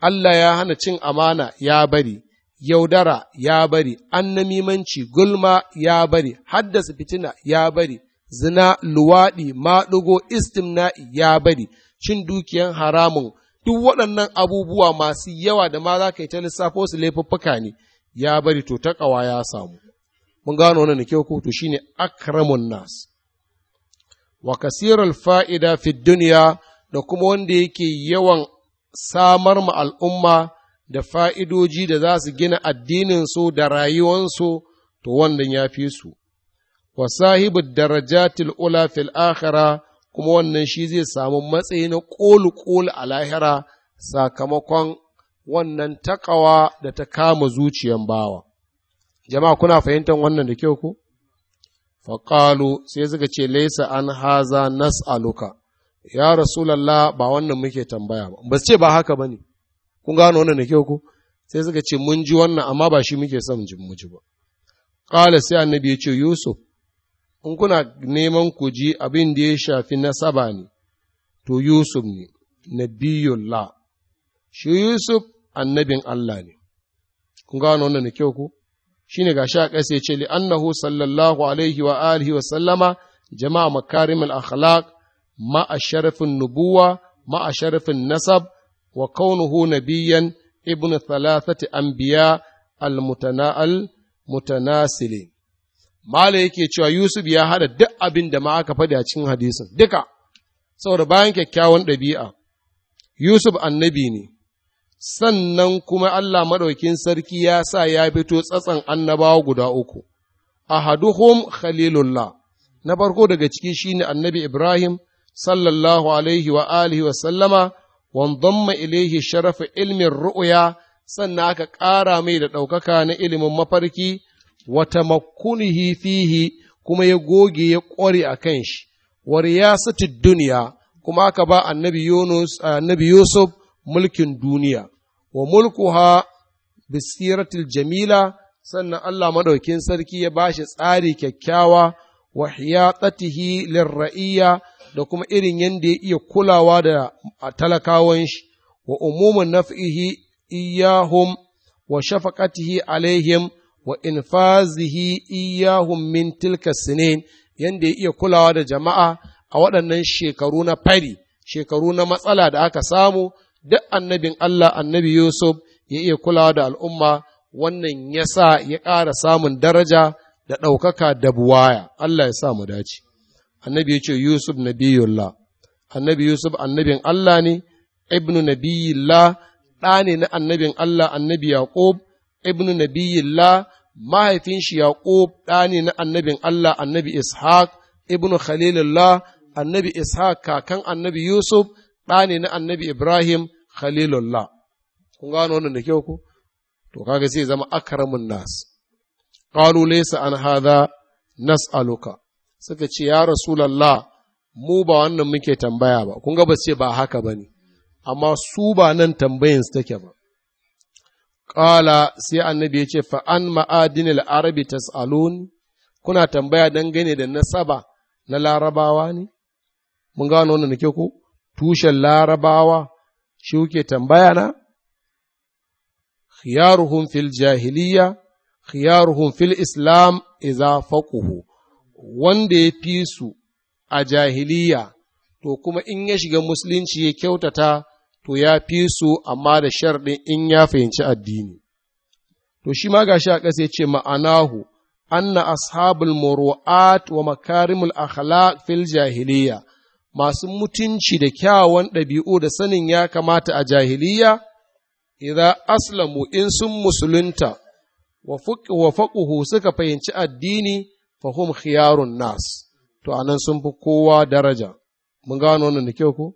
Allah ya hana cin amana ya bari, yaudara ya bari, annamimanci gulma ya bari, haddasa fitina ya bari, zina luwaɗi maɗugo istimna'i ya bari cin dukiyan haramun duk waɗannan abubuwa masu yawa da ma za ka yi ta lissafo su laifuffuka ne ya bari to ta ƙawa ya samu mun gano wannan kyau ko to shine akramun nas wa kasirul fa'ida fi duniya da kuma wanda yake yawan samar ma al'umma da fa'idoji da za su gina addinin su da rayuwansu to wannan ya fi su wa sahibu darajatil ula fil akhira kuma wannan shi zai samu matsayi na ƙolu ƙolu a lahira sakamakon wannan takawa da ta kama zuciyan bawa jama'a kuna fahimtar wannan da kyau ku faƙalu sai suka ce laisa an haza nas'aluka ya rasulallah ba wannan muke tambaya ba ba su ce ba haka ba ne kun gano wannan da kyau ku sai suka ce mun ji wannan amma ba shi muke son mu ji ba ƙala sai annabi ya ce yusuf in kuna neman ku ji abin da ya shafi nasaba ne, to Yusuf ne, Nabiyullah, shi Yusuf annabin Allah ne, kun gano wannan da kyau ku? Shi ne ga sha ƙasa ya ce, li'annahu sallallahu alaihi wa alihi wa sallama jama'a makarimul akhlaq ma'a sharafin nubuwa ma'a sharafin nasab wa kaunuhu nabiyyan ibn thalathati anbiya al mutanasili Mala yake cewa Yusuf ya hada duk abin da ma aka faɗi a cikin hadisin duka saboda bayan kyakkyawan ɗabi'a Yusuf annabi ne sannan kuma Allah maɗaukin sarki ya sa ya fito tsatsan annabawa guda uku ahaduhum khalilullah na farko daga ciki shine annabi Ibrahim sallallahu alaihi wa alihi wa sallama wanzamma ilaihi sharafa ilmin ru'uya, sannan aka ƙara mai da ɗaukaka na ilimin mafarki wa tamakkunihi fihi kuma ya goge ya ƙware a kan shi wa riyasati duniya kuma aka ba annabi Yunus Yusuf mulkin duniya wa mulkuha bisiratil jamila sannan Allah madaukin sarki ya bashi tsari kyakkyawa wa hiyatatihi lirra'iyya da kuma irin yadda ya iya kulawa da talakawan shi wa umumun naf'ihi iyahum wa shafaqatihi alaihim wa infazihi iyahum min tilka sinin yanda ya iya kulawa da jama'a a waɗannan shekaru na fari shekaru na matsala da aka samu duk annabin Allah annabi Yusuf ya iya kulawa da al'umma wannan ya sa ya ƙara samun daraja da ɗaukaka da buwaya Allah ya sa mu dace annabi ya ce Yusuf nabiyullah annabi Yusuf annabin Allah ne ibnu nabiyillah ɗane na annabin Allah annabi Yaqub ibnu nabiyillah mahaifin shi yaƙub ɗani na annabin Allah annabi ishaq ibnu khalilullah annabi ishaq kakan annabi yusuf ɗani na annabi ibrahim khalilullah kun gano wannan da kyau ku to kaga sai zama akramun nas qalu laysa an hadha nas'aluka suka ce ya rasulullah mu ba wannan muke tambaya ba kun ga ba ce ba haka bane amma su ba nan tambayin su take ba Ƙala sai annabi ya ce, Fa'an ma'adinil arabi tas'alun, kuna tambaya dangane da nasaba na larabawa ne? Mun gano wannan nake ku. Tushen larabawa shi kuke tambaya na? Khiyaruhum fil jahiliya, khiyaruhum fil islam iza faƙuhu, wanda ya fi su a jahiliya, to kuma in ya shiga musulunci ya kyautata to ya fi su amma da sharɗin in ya fahimci addini. To shi ma gashi a ƙasa ya ce ma'anahu, anna ashabul muru'at wa makarimul akhlaq fil jahiliya masu mutunci da kyawawan ɗabi'u da sanin ya kamata a jahiliya, idan aslamu in sun musulunta wa faƙuhu suka fahimci addini fahum khiyarun nas, to anan sun fi kowa daraja. Mun gano nan da kyau ko?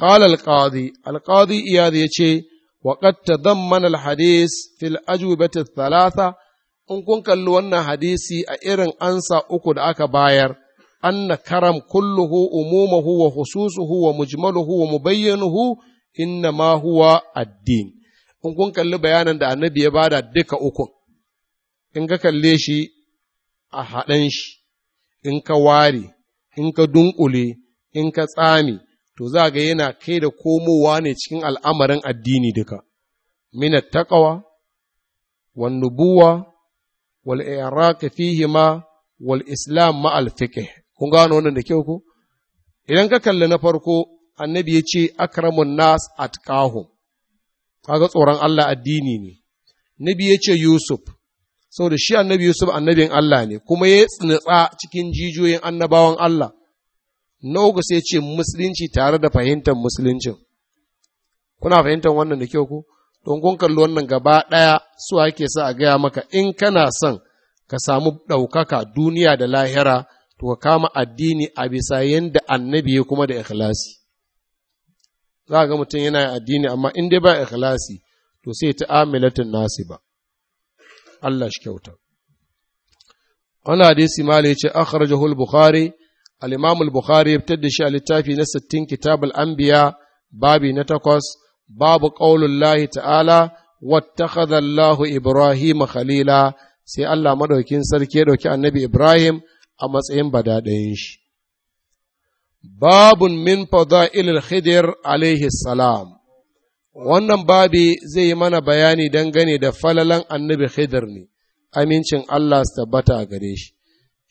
qala al-qadi al-qadi iyad yace wa qad tadammana al-hadith fil ajwibati in kun kalli wannan hadisi a irin ansa uku da aka bayar anna karam kulluhu umumahu wa hususuhu wa mujmaluhu wa mubayyanuhu inna ma in kun kalli bayanan da annabi ya bada duka ukun in ka kalle shi a haɗan shi in ka ware in ka dunkule in ka tsami to za ga yana kai da komowa ne cikin al'amarin addini duka, mina taƙawa, wan wal’ayyara wal iraq fihi ma wal islam ma al kun gano wannan da kyau ko idan ka kalli na farko annabi ya ce akramun nas atqahum kaga tsoron Allah addini ne nabi ya ce Yusuf saboda shi annabi Yusuf annabin Allah ne kuma ya tsinitsa cikin jijiyoyin annabawan Allah na uku sai ce musulunci tare da fahimtar musuluncin kuna fahimtar wannan da kyau ku don kun kalli wannan gaba ɗaya su ake sa a gaya maka in kana son ka samu ɗaukaka duniya da lahira to ka kama addini a bisa yadda annabi ya kuma da ikhlasi za ga mutum yana addini amma in dai ba ikhlasi to sai ta amilatin nasi ba Allah shi kyauta Wani hadisi mali ce akhrajahu jihul bukhari alimamul imam al-bukhari fitar da shi a littafi na sittin kitab al-anbiya babi na takwas babu qaulullahi ta'ala wattakhadha Allahu khalila sai Allah maɗaukin sarki ya dauki annabi Ibrahim a matsayin badadayin shi babun min fada'il al-khidir alaihi wannan babi zai yi mana bayani dangane da falalan annabi khidir ne amincin Allah su tabbata a gare shi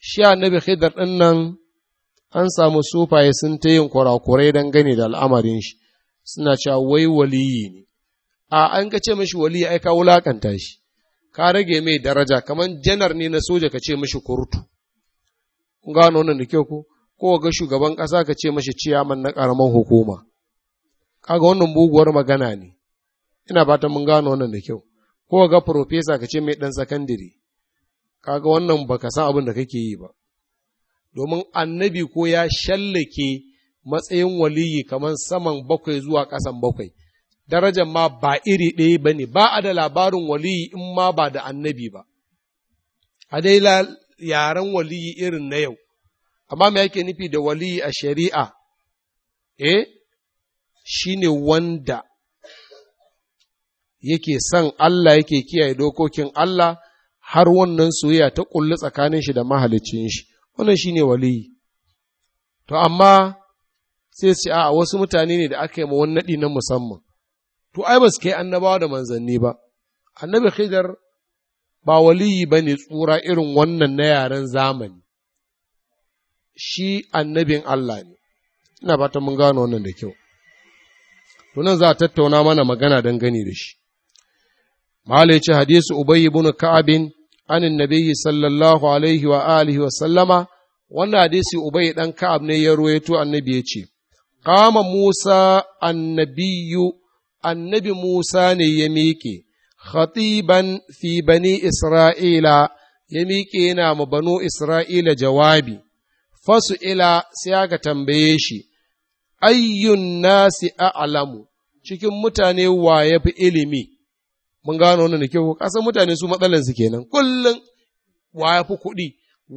shi annabi khidir din nan an samu sufaye sun ta yin kurakurai don gani da al'amarin shi suna cewa wai waliyi ne a an ka ce mashi waliyi ai ka wulakanta shi ka rage mai daraja kamar janar ne na soja ka ce mashi kurutu. kun gano wannan da kyau ko ko ga shugaban ƙasa ka ce mashi ciyaman na ƙaramin hukuma kaga wannan buguwar magana ne ina fatan mun gano wannan da kyau ko ga profesa ka ce mai ɗan sakandire kaga wannan baka san abin da kake yi ba domin annabi ko ya shallake matsayin waliyi kamar saman bakwai zuwa ƙasan bakwai darajar ma ba iri ɗaya ba ne ba a da labarin waliyi in ma ba da annabi ba a dai yaren waliyi irin na yau amma me yake nufi da waliyi a shari'a eh shi ne wanda yake son Allah yake kiyaye dokokin Allah har wannan soyayya ta ƙulli tsakanin shi da mahalicin shi wannan shi ne waliyi to amma sai su a wasu mutane ne da aka yi ma wani naɗi na musamman to ai ba su kai annabawa da manzanni ba annabi khidar ba waliyi ba ne tsura irin wannan na yaren zamani shi annabin Allah ne ina ta mun gano wannan da kyau to nan za a tattauna mana magana dangane da shi malai ce hadisi Ubayi bin ka'abin anin nabiyyi sallallahu alaihi wa alihi wa sallama wannan hadisi ubay dan ka'ab ne ya ruwaito annabi yace ce qama musa annabiyyu annabi musa ne ya miƙe khatiban fi bani isra'ila ya miƙe yana ma banu isra'ila jawabi fasu ila sai aka tambaye shi ayyun nasi a'lamu cikin mutane wa yafi fi ilimi mun gano wannan da kyau kasan mutane su matsalar su kenan kullum wa ya fi kuɗi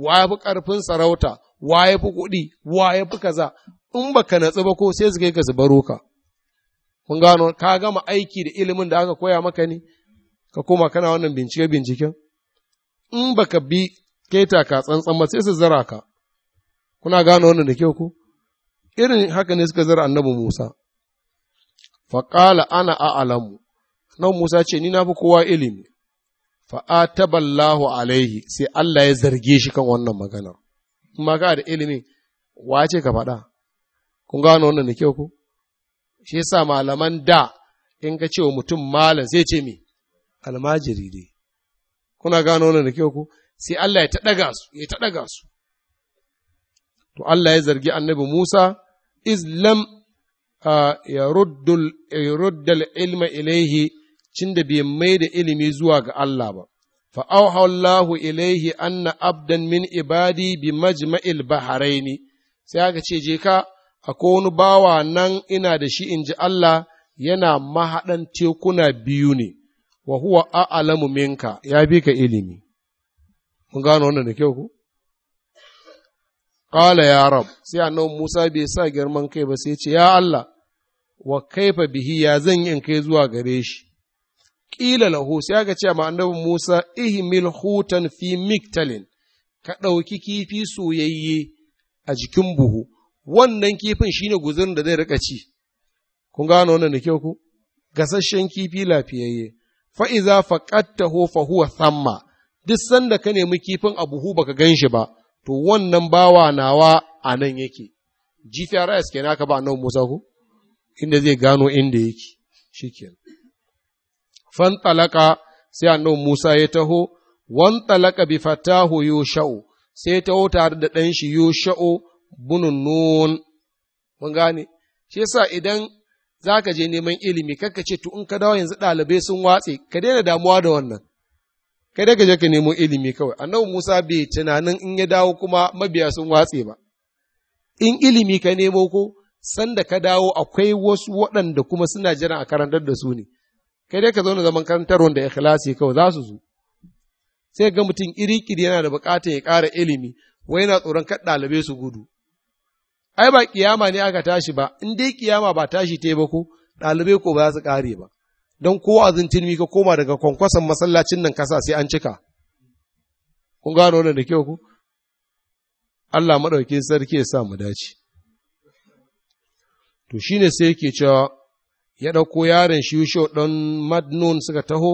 wa ya fi ƙarfin sarauta wa ya fi kuɗi wa ya fi kaza in baka natsu ba ko sai su kai ka su baro ka mun gano ka gama aiki da ilimin da aka koya maka ne ka koma kana wannan bincike binciken in baka bi keta ka tsantsan ba sai su zara ka kuna gano wannan da kyau ko irin haka ne suka zara annabi Musa faqala ana a'lamu nan Musa ce ni na fi kowa ilimi fa'ataballahu alaihi sai Allah ya zarge shi kan wannan magana. kuma ka da wa wace ka faɗa kun gano wannan da kyau ku shi yasa malaman da in ka ce wa mutum malam sai ce mi, almajiri ne kuna gano wannan da kyau ku sai Allah ya taɗaga su ya taɗaga su to Allah ya zargi annabi Musa islam ah, ya ruddul ilma ilaihi cin da bai mai da ilimi zuwa ga Allah ba. فأوحى ilaihi anna أن ibadi من عبادي بمجمع البحرين sai aka ce je ka akwai wani bawa nan ina da shi in ji Allah yana mahaɗan tekuna biyu ne wa huwa a'lamu minka ya bi ka ilimi mun gano wannan da kyau ku Ƙala ya rab sai nan Musa bai sa girman kai ba sai ce ya Allah wa kaifa bihi ya zan yi kai zuwa gare shi ƙila lahu sai aka ce ma annabi Musa ihmil hutan fi miktalin ka ɗauki kifi soyayye a jikin buhu wannan kifin shine guzurin da zai rika ci kun gano wannan da kyau ku Gasashen kifi lafiyayye fa iza faqattahu fa huwa thamma duk sanda ka nemi kifin a buhu baka shi ba to wannan bawa nawa a nan yake GPRS kenan aka ba annabi Musa ku inda zai gano inda yake shikenan fantalaka sai annabi Musa ya taho wantalaka bi fatahu yusha'u sai taho tare da ɗan shi yusha'u bunun nun mun gane shi yasa idan zaka je neman ilimi kakka ce to in ka dawo yanzu ɗalibai sun watse ka daina damuwa da wannan kai ka je ka nemo ilimi kawai annabi Musa bai tunanin in ya dawo kuma mabiya sun watse ba in ilimi ka nemo ko sanda ka dawo akwai wasu waɗanda kuma suna jiran a karantar da su ne kai dai ka zo na zaman karantarwar da ikhlasi kawai za su zo sai ga mutum iri kiri yana da bukata ya ƙara ilimi wai yana tsoron kan ɗalibai su gudu ai ba kiyama ne aka tashi ba in dai kiyama ba tashi ta ba ko ɗalibai ko ba za su ƙare ba don kowa azin tilmi ka koma daga kwankwason masallacin nan kasa sai an cika kun gano wannan da kyau ku Allah maɗaukin sarki ya sa mu dace to shine sai yake cewa ya ɗauko yaron shi yusho ɗan madnun suka taho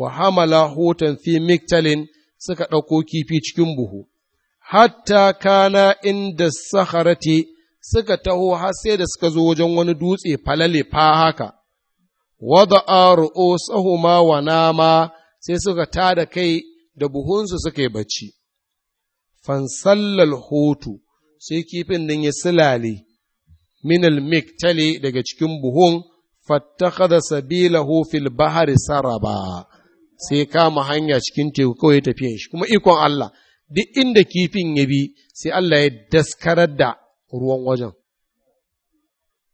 wa hamala hoton fi miktalin suka ɗauko kifi cikin buhu hatta kana inda saharati suka taho har sai da suka zo wajen wani dutse falale fa haka wada aro sahuma wa nama sai suka tada kai da buhunsu suka yi bacci fansallal hutu, sai kifin nan ya silale minal miktali daga cikin buhun fattakhadha sabilahu fil bahari saraba sai kama hanya cikin teku kawai tafiyan shi kuma ikon Allah duk inda kifin ya bi sai Allah ya daskarar da ruwan wajen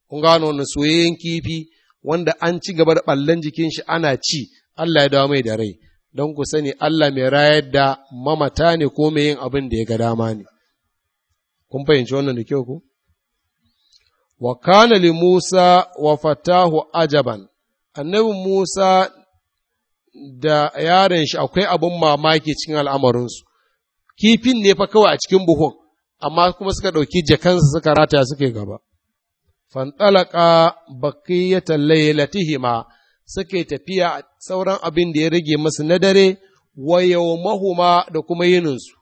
kun gano wannan soyayyen kifi wanda an ci gaba da ballan jikin shi ana ci Allah ya dawo mai da rai don ku sani Allah mai rayar da mamata ne ko mai yin abin da ya ga dama ne kun fahimci wannan da kyau ku wa kana li Musa wa fatahu ajaban, annabi Musa da yaron shi akwai abun mamaki cikin al'amarinsu, kifin ne fa kawai a cikin buhun, amma kuma suka ɗauki jakansu suka rataya suke gaba. Fantalaka bakiyata laylatihima suke tafiya sauran abin da ya rage masu na dare wa da kuma yininsu.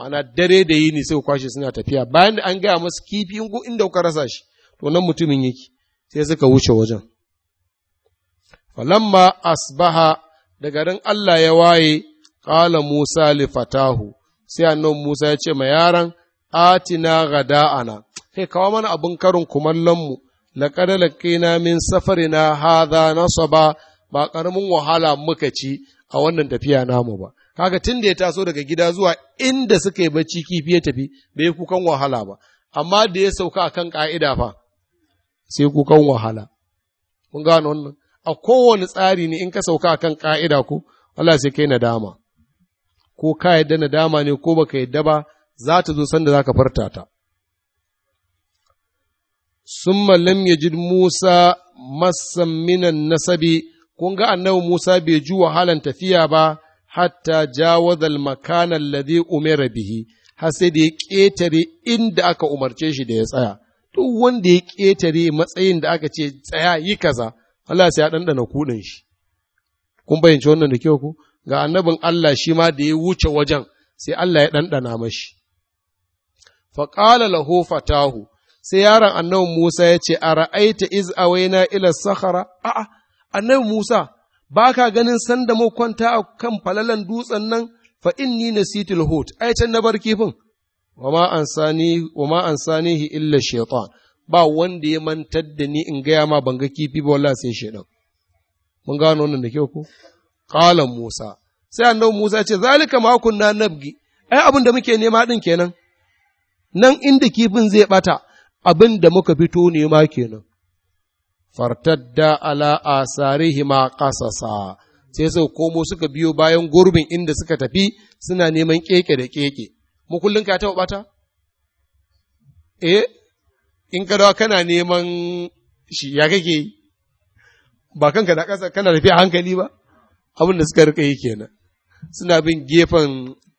ma'ana dare da yini sai ku kwashe suna tafiya bayan da an gaya masu kifi in inda kuka rasa shi to nan mutumin yake sai suka wuce wajen falamma asbaha da garin Allah ya waye qala Musa li fatahu sai annabi Musa ya ce ma yaran atina gada'ana kai kawo mana abin karin kumallon mu laqad laqina min safarina hadha nasaba ba karamin wahala muka ci a wannan tafiya namu ba kaga tun da ya taso daga gida zuwa inda suka yi bacci kifi ya tafi bai yi kukan wahala ba amma da ya sauka akan ka'ida fa sai kukan wahala kun gane wannan a kowane tsari ne in ka sauka akan ka'ida ko Allah sai kai nadama ko ka yadda nadama ne ko baka yadda ba za ta zo sanda zaka farta ta summa lam yajid Musa massan minan nasabi kun ga annabi Musa bai ji wahalan tafiya ba hatta jawaza makana makan alladhi umira bihi har sai da ya ƙetare inda aka umarce shi da ya tsaya duk wanda ya ƙetare matsayin da aka ce tsaya yi kaza Allah sai ya ɗanɗana kuɗin shi kun bayyance wannan da kyau ku ga annabin Allah shi ma da ya wuce wajen sai Allah ya ɗanɗana mashi faƙala lahu fatahu sai yaron annabin Musa ya ce a ra'aita iz awaina ila sahara a'a annabi Musa ba ka ganin sanda mu kwanta a kan falalan dutsen nan fa inni sitil hut ai can na bar kifin wama ansani wama hi illa shaytan ba wanda ya mantar da ni in gaya ma ban ga kifi ba wala sai shaytan mun gano wannan da kyau ko Kalan musa sai an dau musa ce zalika ma na nabgi ai abin da muke nema din kenan nan inda kifin zai bata abin da muka fito nema kenan fartadda ala asarihima qasasa sai su komo suka biyo bayan gurbin inda suka tafi suna neman keke da keke mu kullun ka taɓa bata eh in ka dawa kana neman shi ya kake yi ba kanka da ƙasa kana tafiya hankali ba abin da suka rika yi kenan suna bin gefen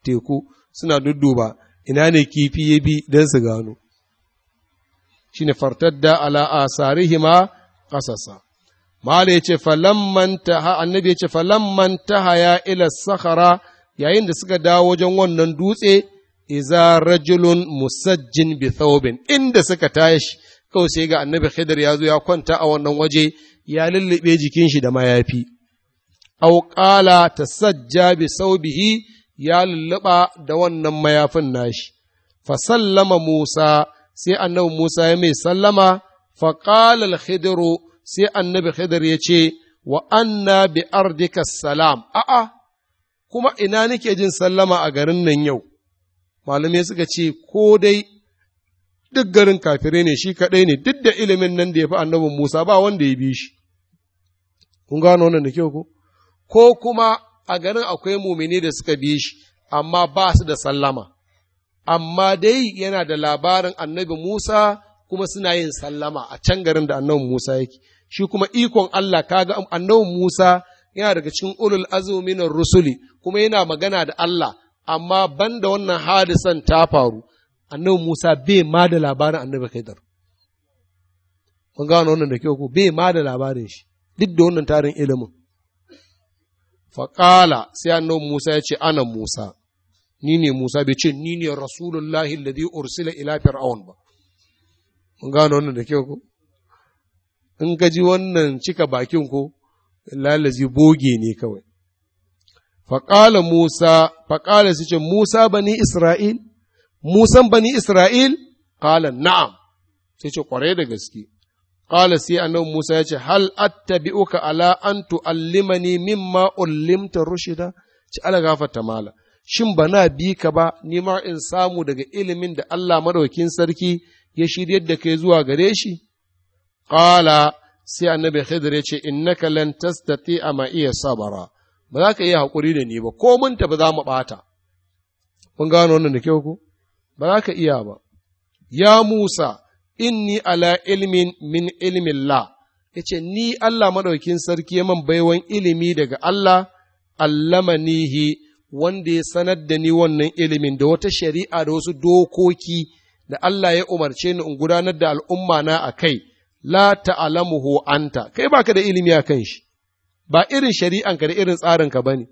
teku suna dudduba ina ne kifi ya bi don su gano shine ne fartadda ala asarihima ƙasasa. Mala ya ce, annabi ya ce, falamman ta haya ila sahara yayin da suka dawo wajen wannan dutse, iza rajulun musajjin bi thawbin inda suka tashi, kawai sai ga annabi khidr ya zo ya kwanta a wannan waje, ya lullube jikin shi da mayafi. aw qala ta bi saubihi ya lulluɓa da wannan mayafin nashi. Fa sallama Musa, sai annabi Musa ya mai sallama, faƙalal khidru sai annabi khidr ya ce wa anna bi ardika salam a'a kuma ina nake jin sallama a garin nan yau malamai suka ce ko dai duk garin kafire ne shi kaɗai ne duk da ilimin nan da ya fi annabin Musa ba wanda ya bi shi. Kun gano wannan da kyau ko? Ko kuma a garin akwai mumini da suka bi shi, amma ba su da sallama. Amma dai yana da labarin annabi Musa kuma suna yin sallama a can garin da annabin Musa yake shi kuma ikon Allah kaga annabin Musa yana daga cikin ulul azumi rusuli kuma yana magana da Allah amma banda wannan hadisan ta faru annabin Musa bai ma da labarin annabi Khidir Mun gano wannan da kyau ko bai ma da labarin shi duk da wannan tarin ilimin faƙala sai annabin Musa ya ce ana Musa ni ne Musa bai ce ni ne rasulullahi alladhi ursila ila fir'aun ba mun gano wannan da kyau ko in ka ji wannan cika bakin ko lalazi boge ne kawai faƙala musa faƙala su ce musa bani isra'il musan bani isra'il ƙala na'am sai ce ƙwarai da gaske ƙala sai annabi musa ya ce hal uka ala an tu'allimani mimma ullimta rushida ci ala gafarta mala shin ba na bi ka ba ni ma in samu daga ilimin da Allah madaukin sarki ya shiryar da kai zuwa gare shi qala sai annabi Khidr ya ce innaka lan tastati ma iya sabara ba za ka iya haƙuri da ni ba ko mun ba za mu ɓata kun gano wannan da kyau ku ba za ka iya ba ya musa inni ala ilmin min ilmin la ya ce ni allah maɗaukin sarki ya man baiwan ilimi daga allah allamanihi wanda ya sanar da ni wannan ilimin da wata shari'a da wasu dokoki da Allah ya umarce ni in gudanar da al'umma na a kai, la ta'alamuhu anta, kai baka da ilimi a kan shi, ba irin shari'anka da irin tsarinka ba ne.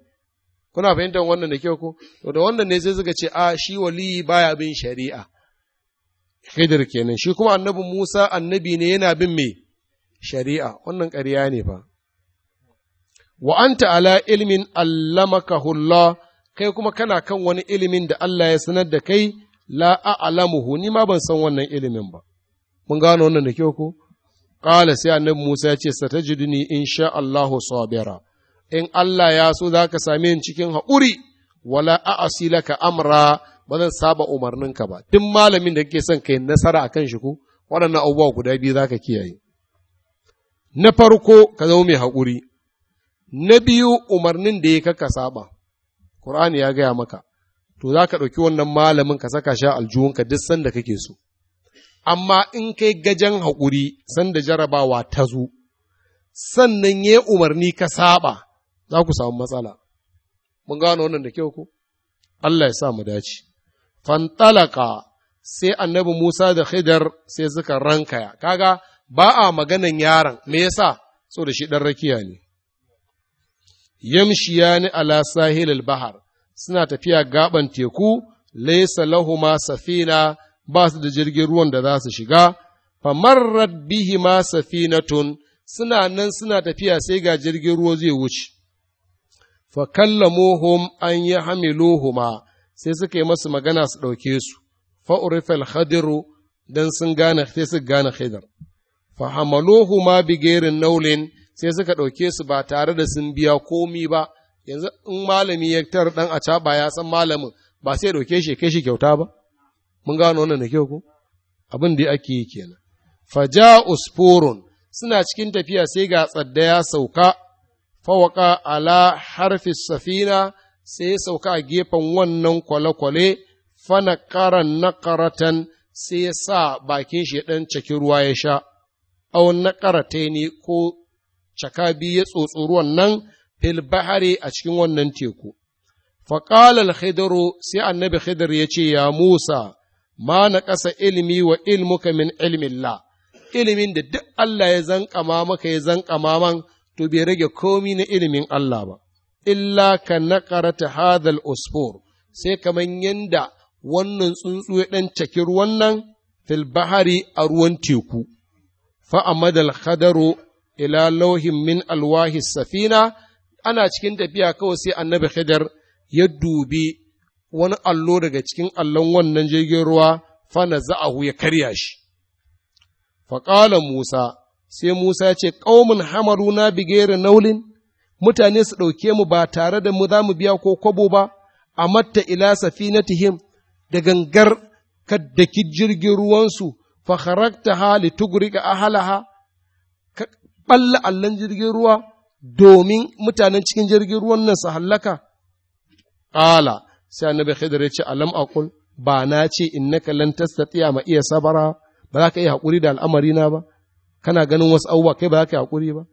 Kuna fahimtar wannan da kyau ko? To da wannan ne sai suka ce, a shi wali baya bin shari'a. Khidir kenan, shi kuma annabi Musa annabi ne yana bin me shari'a, wannan ƙarya ne fa. Wa anta ala ilmin allamaka Allah, kai kuma kana kan wani ilimin da Allah ya sanar da kai, la a'lamuhu ni ma ban san wannan ilimin ba mun gano wannan da kyau ko qala sai annabi Musa ya ce satajiduni insha Allahu sabira in Allah ya so zaka same ni cikin haƙuri wala a'asi laka amra ba zan saba umarninka ba tun malamin da kake son kai nasara akan shi ko waɗannan abubuwa guda biyu zaka kiyaye na farko ka zama mai haƙuri na biyu umarnin da ya kaka saba Qur'ani ya gaya maka to za ka ɗauki wannan malamin ka saka sha aljuhunka duk sanda kake so. Amma in kai gajen haƙuri sanda jarabawa ta zo, sannan ya umarni ka saba, za ku samu matsala. Mun gano wannan da kyau ko? Allah ya sa mu dace. Fantalaka sai annabi Musa da Khidr sai suka rankaya, kaga ba a maganan yaron, me yasa? So da shi ɗan rakiya ne. Yamshiya ni ala sahilil bahar, suna tafiya gaban teku laisa lahuma safina ba su da jirgin ruwan da za su shiga bihi safina safinatun suna nan suna tafiya sai ga jirgin ruwa zai wuce fa kallamuhum an yi hamiluhuma sai suka yi masu magana su ɗauke su fa urifal khadiru dan sun gane sai su gane khidar fa hamaluhuma bi gairin naulin sai suka ɗauke su ba tare da sun biya komi ba yanzu in malami ya tar dan a caba ya san malamin ba sai ɗauke shi kai shi kyauta ba mun gano wannan da kyau ko abin da ake yi kenan faja usfurun suna cikin tafiya sai ga tsadda ya sauka fawaka ala harfi safina sai ya sauka a gefen wannan kwale-kwale fana karan karatan sai ya sa bakin shi ya ɗan caki ruwa ya sha, awon nakarate ne ko caka biyu ya tsotsi ruwan nan fil bahari a cikin wannan teku. Faƙalar Khidiru sai annabi Khidir ya ce, Ya Musa, ma na ƙasa ilimi wa ilmuka min ilmin la. ilimin da duk Allah ya zanƙama maka ya zanƙama man, to bai rage komi na ilimin Allah ba, illa ka ƙarata hadal usfur, sai kamar yanda wannan tsuntsu ya ɗan caki wannan. nan fil bahari a ruwan teku. Fa'amadal Khadaru ila lauhin min alwahi safina ana cikin tafiya kawai sai annabi khidar ya dubi wani allo daga cikin allon wannan jirgin ruwa fana za'ahu ya karya shi faƙala musa sai musa ya ce ƙaumin hamaruna bigere naulin mutane su ɗauke mu ba tare da mu za mu biya ko kwabo ba a matta ila tihim da gangar kaddaki jirgin ruwansu fa kharaktaha ha ahalaha, ka ɓalla allon jirgin ruwa domin mutanen cikin jirgin ruwan nan su hallaka ƙala sai annabi khidr ya ce alam akul, ba na ce innaka lan tastati'a ma iya sabara ba za ka iya haƙuri da al'amari na ba kana ganin wasu abubuwa kai ba za ka yi haƙuri ba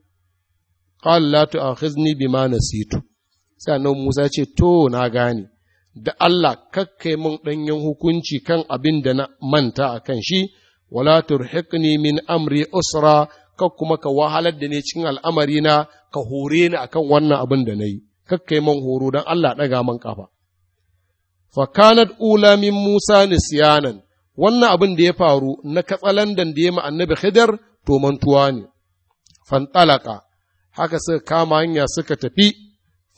qala la bi ma nasitu sai annabi Musa ya ce to na gane da Allah kakkai min ɗanyen hukunci kan abin da na manta a kan shi, wala turhiqni min amri usra, kak kuma ka wahalar da ne cikin al'amarina ka hore ni akan wannan abin da na yi, kakkai man horo don Allah ɗaga man ƙafa. Fakanat ula min Musa nisyanan, wannan abin da ya faru na katsalandan da ya ma annabi Khidar to mantuwa ne. Fantalaka, haka suka kama hanya suka tafi,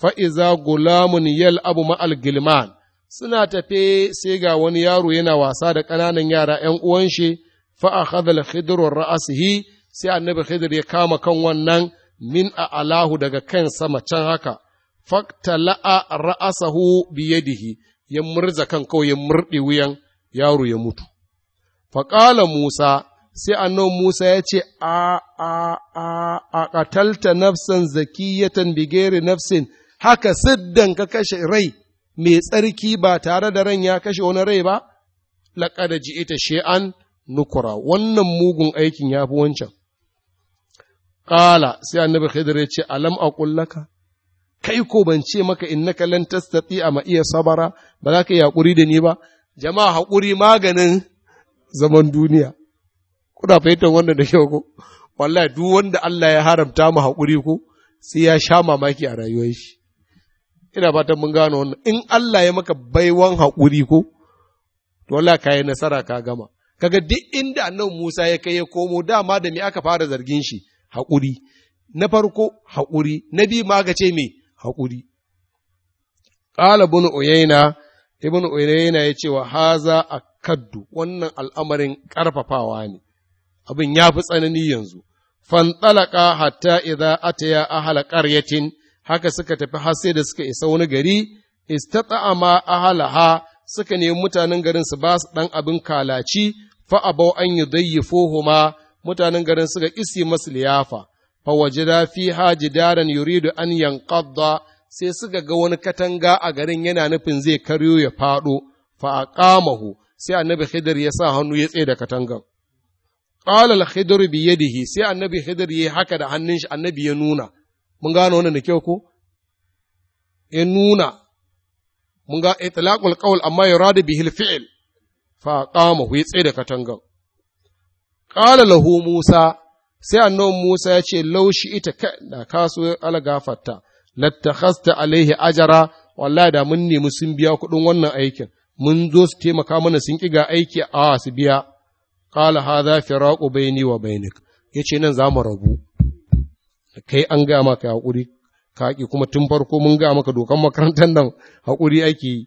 fa'iza gulamun yal abu ma'al gilman, suna tafe sai ga wani yaro yana wasa da ƙananan yara ’yan uwanshi, fa'a khadal khidrun ra'asihi, sai annabi Khidr ya kama kan wannan min a alahu daga kan sama can haka, faktala'a ra'asahu biyadihi ya murza kan kawai ya wuyan yaro ya mutu. Faƙala Musa, sai annon Musa ya ce, A, a, a, a ƙatalta nafsan zakiyatan bigere nafsin, haka siddan ka kashe rai mai tsarki ba tare da ran ya kashe wani rai ba? da ji ita she'an nukura, wannan mugun aikin ya fi wancan. Ƙala sai annabi Khidir ya ce, Alam a ƙullaka, kai ko ban ce maka in na kalan tastati a ma iya sabara, ba za ka yi haƙuri da ni ba, jama'a haƙuri maganin zaman duniya. Kuna fahimtar wannan da kyau ko? Wallahi duk wanda Allah ya haramta mu haƙuri ko sai ya sha mamaki a rayuwar shi. Ina fatan mun gano wannan, in Allah ya maka baiwan haƙuri ko, to wallahi ka yi nasara ka gama. Kaga duk inda annabi Musa ya kai ya komo dama da me aka fara zargin shi, haƙuri, na farko haƙuri, na biyu ma mai ce me haƙuri. Ƙala bin Oyena, Ibn Oyena ya ce wa haza a kaddu, wannan al'amarin ƙarfafawa ne, abin ya fi tsanani yanzu. Fanɗalaka hatta idza ataya ahala ƙaryatin, haka suka tafi har sai da suka isa wani gari, istata'ama ahalaha suka nemi mutanen garin su ba su ɗan abin kalaci, fa abau an yi ma mutanen garin suka isi masu liyafa, fa da fi yuri yuridu an yankadda sai suka ga wani katanga a garin yana nufin zai karyo ya faɗo, fa a ƙamahu sai annabi Khidir ya sa hannu ya tsaye da katangan. Ƙalal al-Khidir bi yadihi sai annabi Khidir ya haka da hannun shi annabi ya nuna. Mun gano wannan da kyau ko? Ya nuna mun ga itlaqul qawl amma ya bihi bi fil fa ƙamahu ya tsaye da katangan. ƙala lahu Musa, sai annon Musa ya ce, laushi ita da kaso algafarta, lattakhasta alaihi ajara, wallahi da mun nemi sun biya kuɗin wannan aikin, mun zo su taimaka mana sun ƙiga aiki a su biya. Ƙala hadha firaqu baini wa bainik. ce nan za mu rabu. Kai an gaya maka haƙuri, kaƙi kuma tun farko mun ga maka dokan makarantar nan haƙuri ake yi.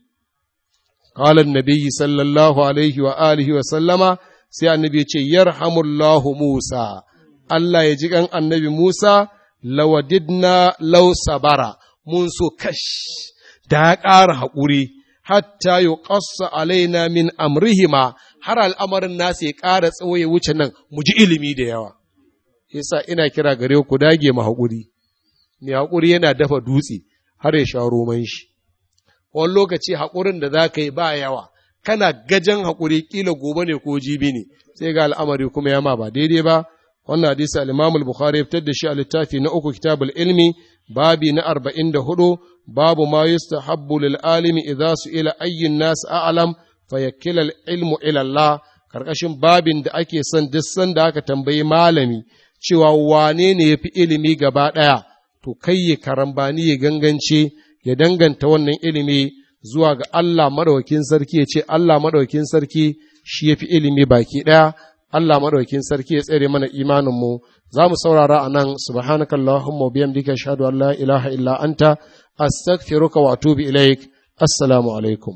قال sallallahu alaihi wa alihi wa sallama. sai annabi ya ce yarhamullahu Musa Allah ya ji kan annabi Musa lawadidna law sabara mun so kash da ya ƙara haƙuri hatta yi ƙasa alaina min amrihima har al'amarin nasu ya ƙara tsawo ya wuce nan mu ji ilimi da yawa yasa ina kira gare ku dage ma haƙuri mai haƙuri yana dafa dutse har ya sha roman shi wani lokaci haƙurin da za ka yi ba yawa kana gajen haƙuri ƙila gobe ne ko jibi ne sai ga al'amari kuma ya ma ba daidai ba wannan hadisi Alimamul al-Bukhari ya fitar da shi a littafi na uku kitabul ilmi babi na arba'in da hudu, babu ma yustahabbu lil su idza su ayyun ayyin a'lam fayakkila ilmu ilalla karkashin babin da ake son duk sanda aka tambayi malami cewa wane ne ya fi ilimi gaba ɗaya to kai ya karambani ya gangance ya danganta wannan ilimi zuwa ga Allah maɗaukin sarki ya ce Allah maɗaukin sarki shi ya fi ilimi baki ɗaya Allah maɗaukin sarki ya tsere mana imaninmu za mu saurara a nan subhanaka Allahumma biyan dika shaɗu Allah ilaha illa anta astaghfiruka wa atubu ilaik assalamu alaikum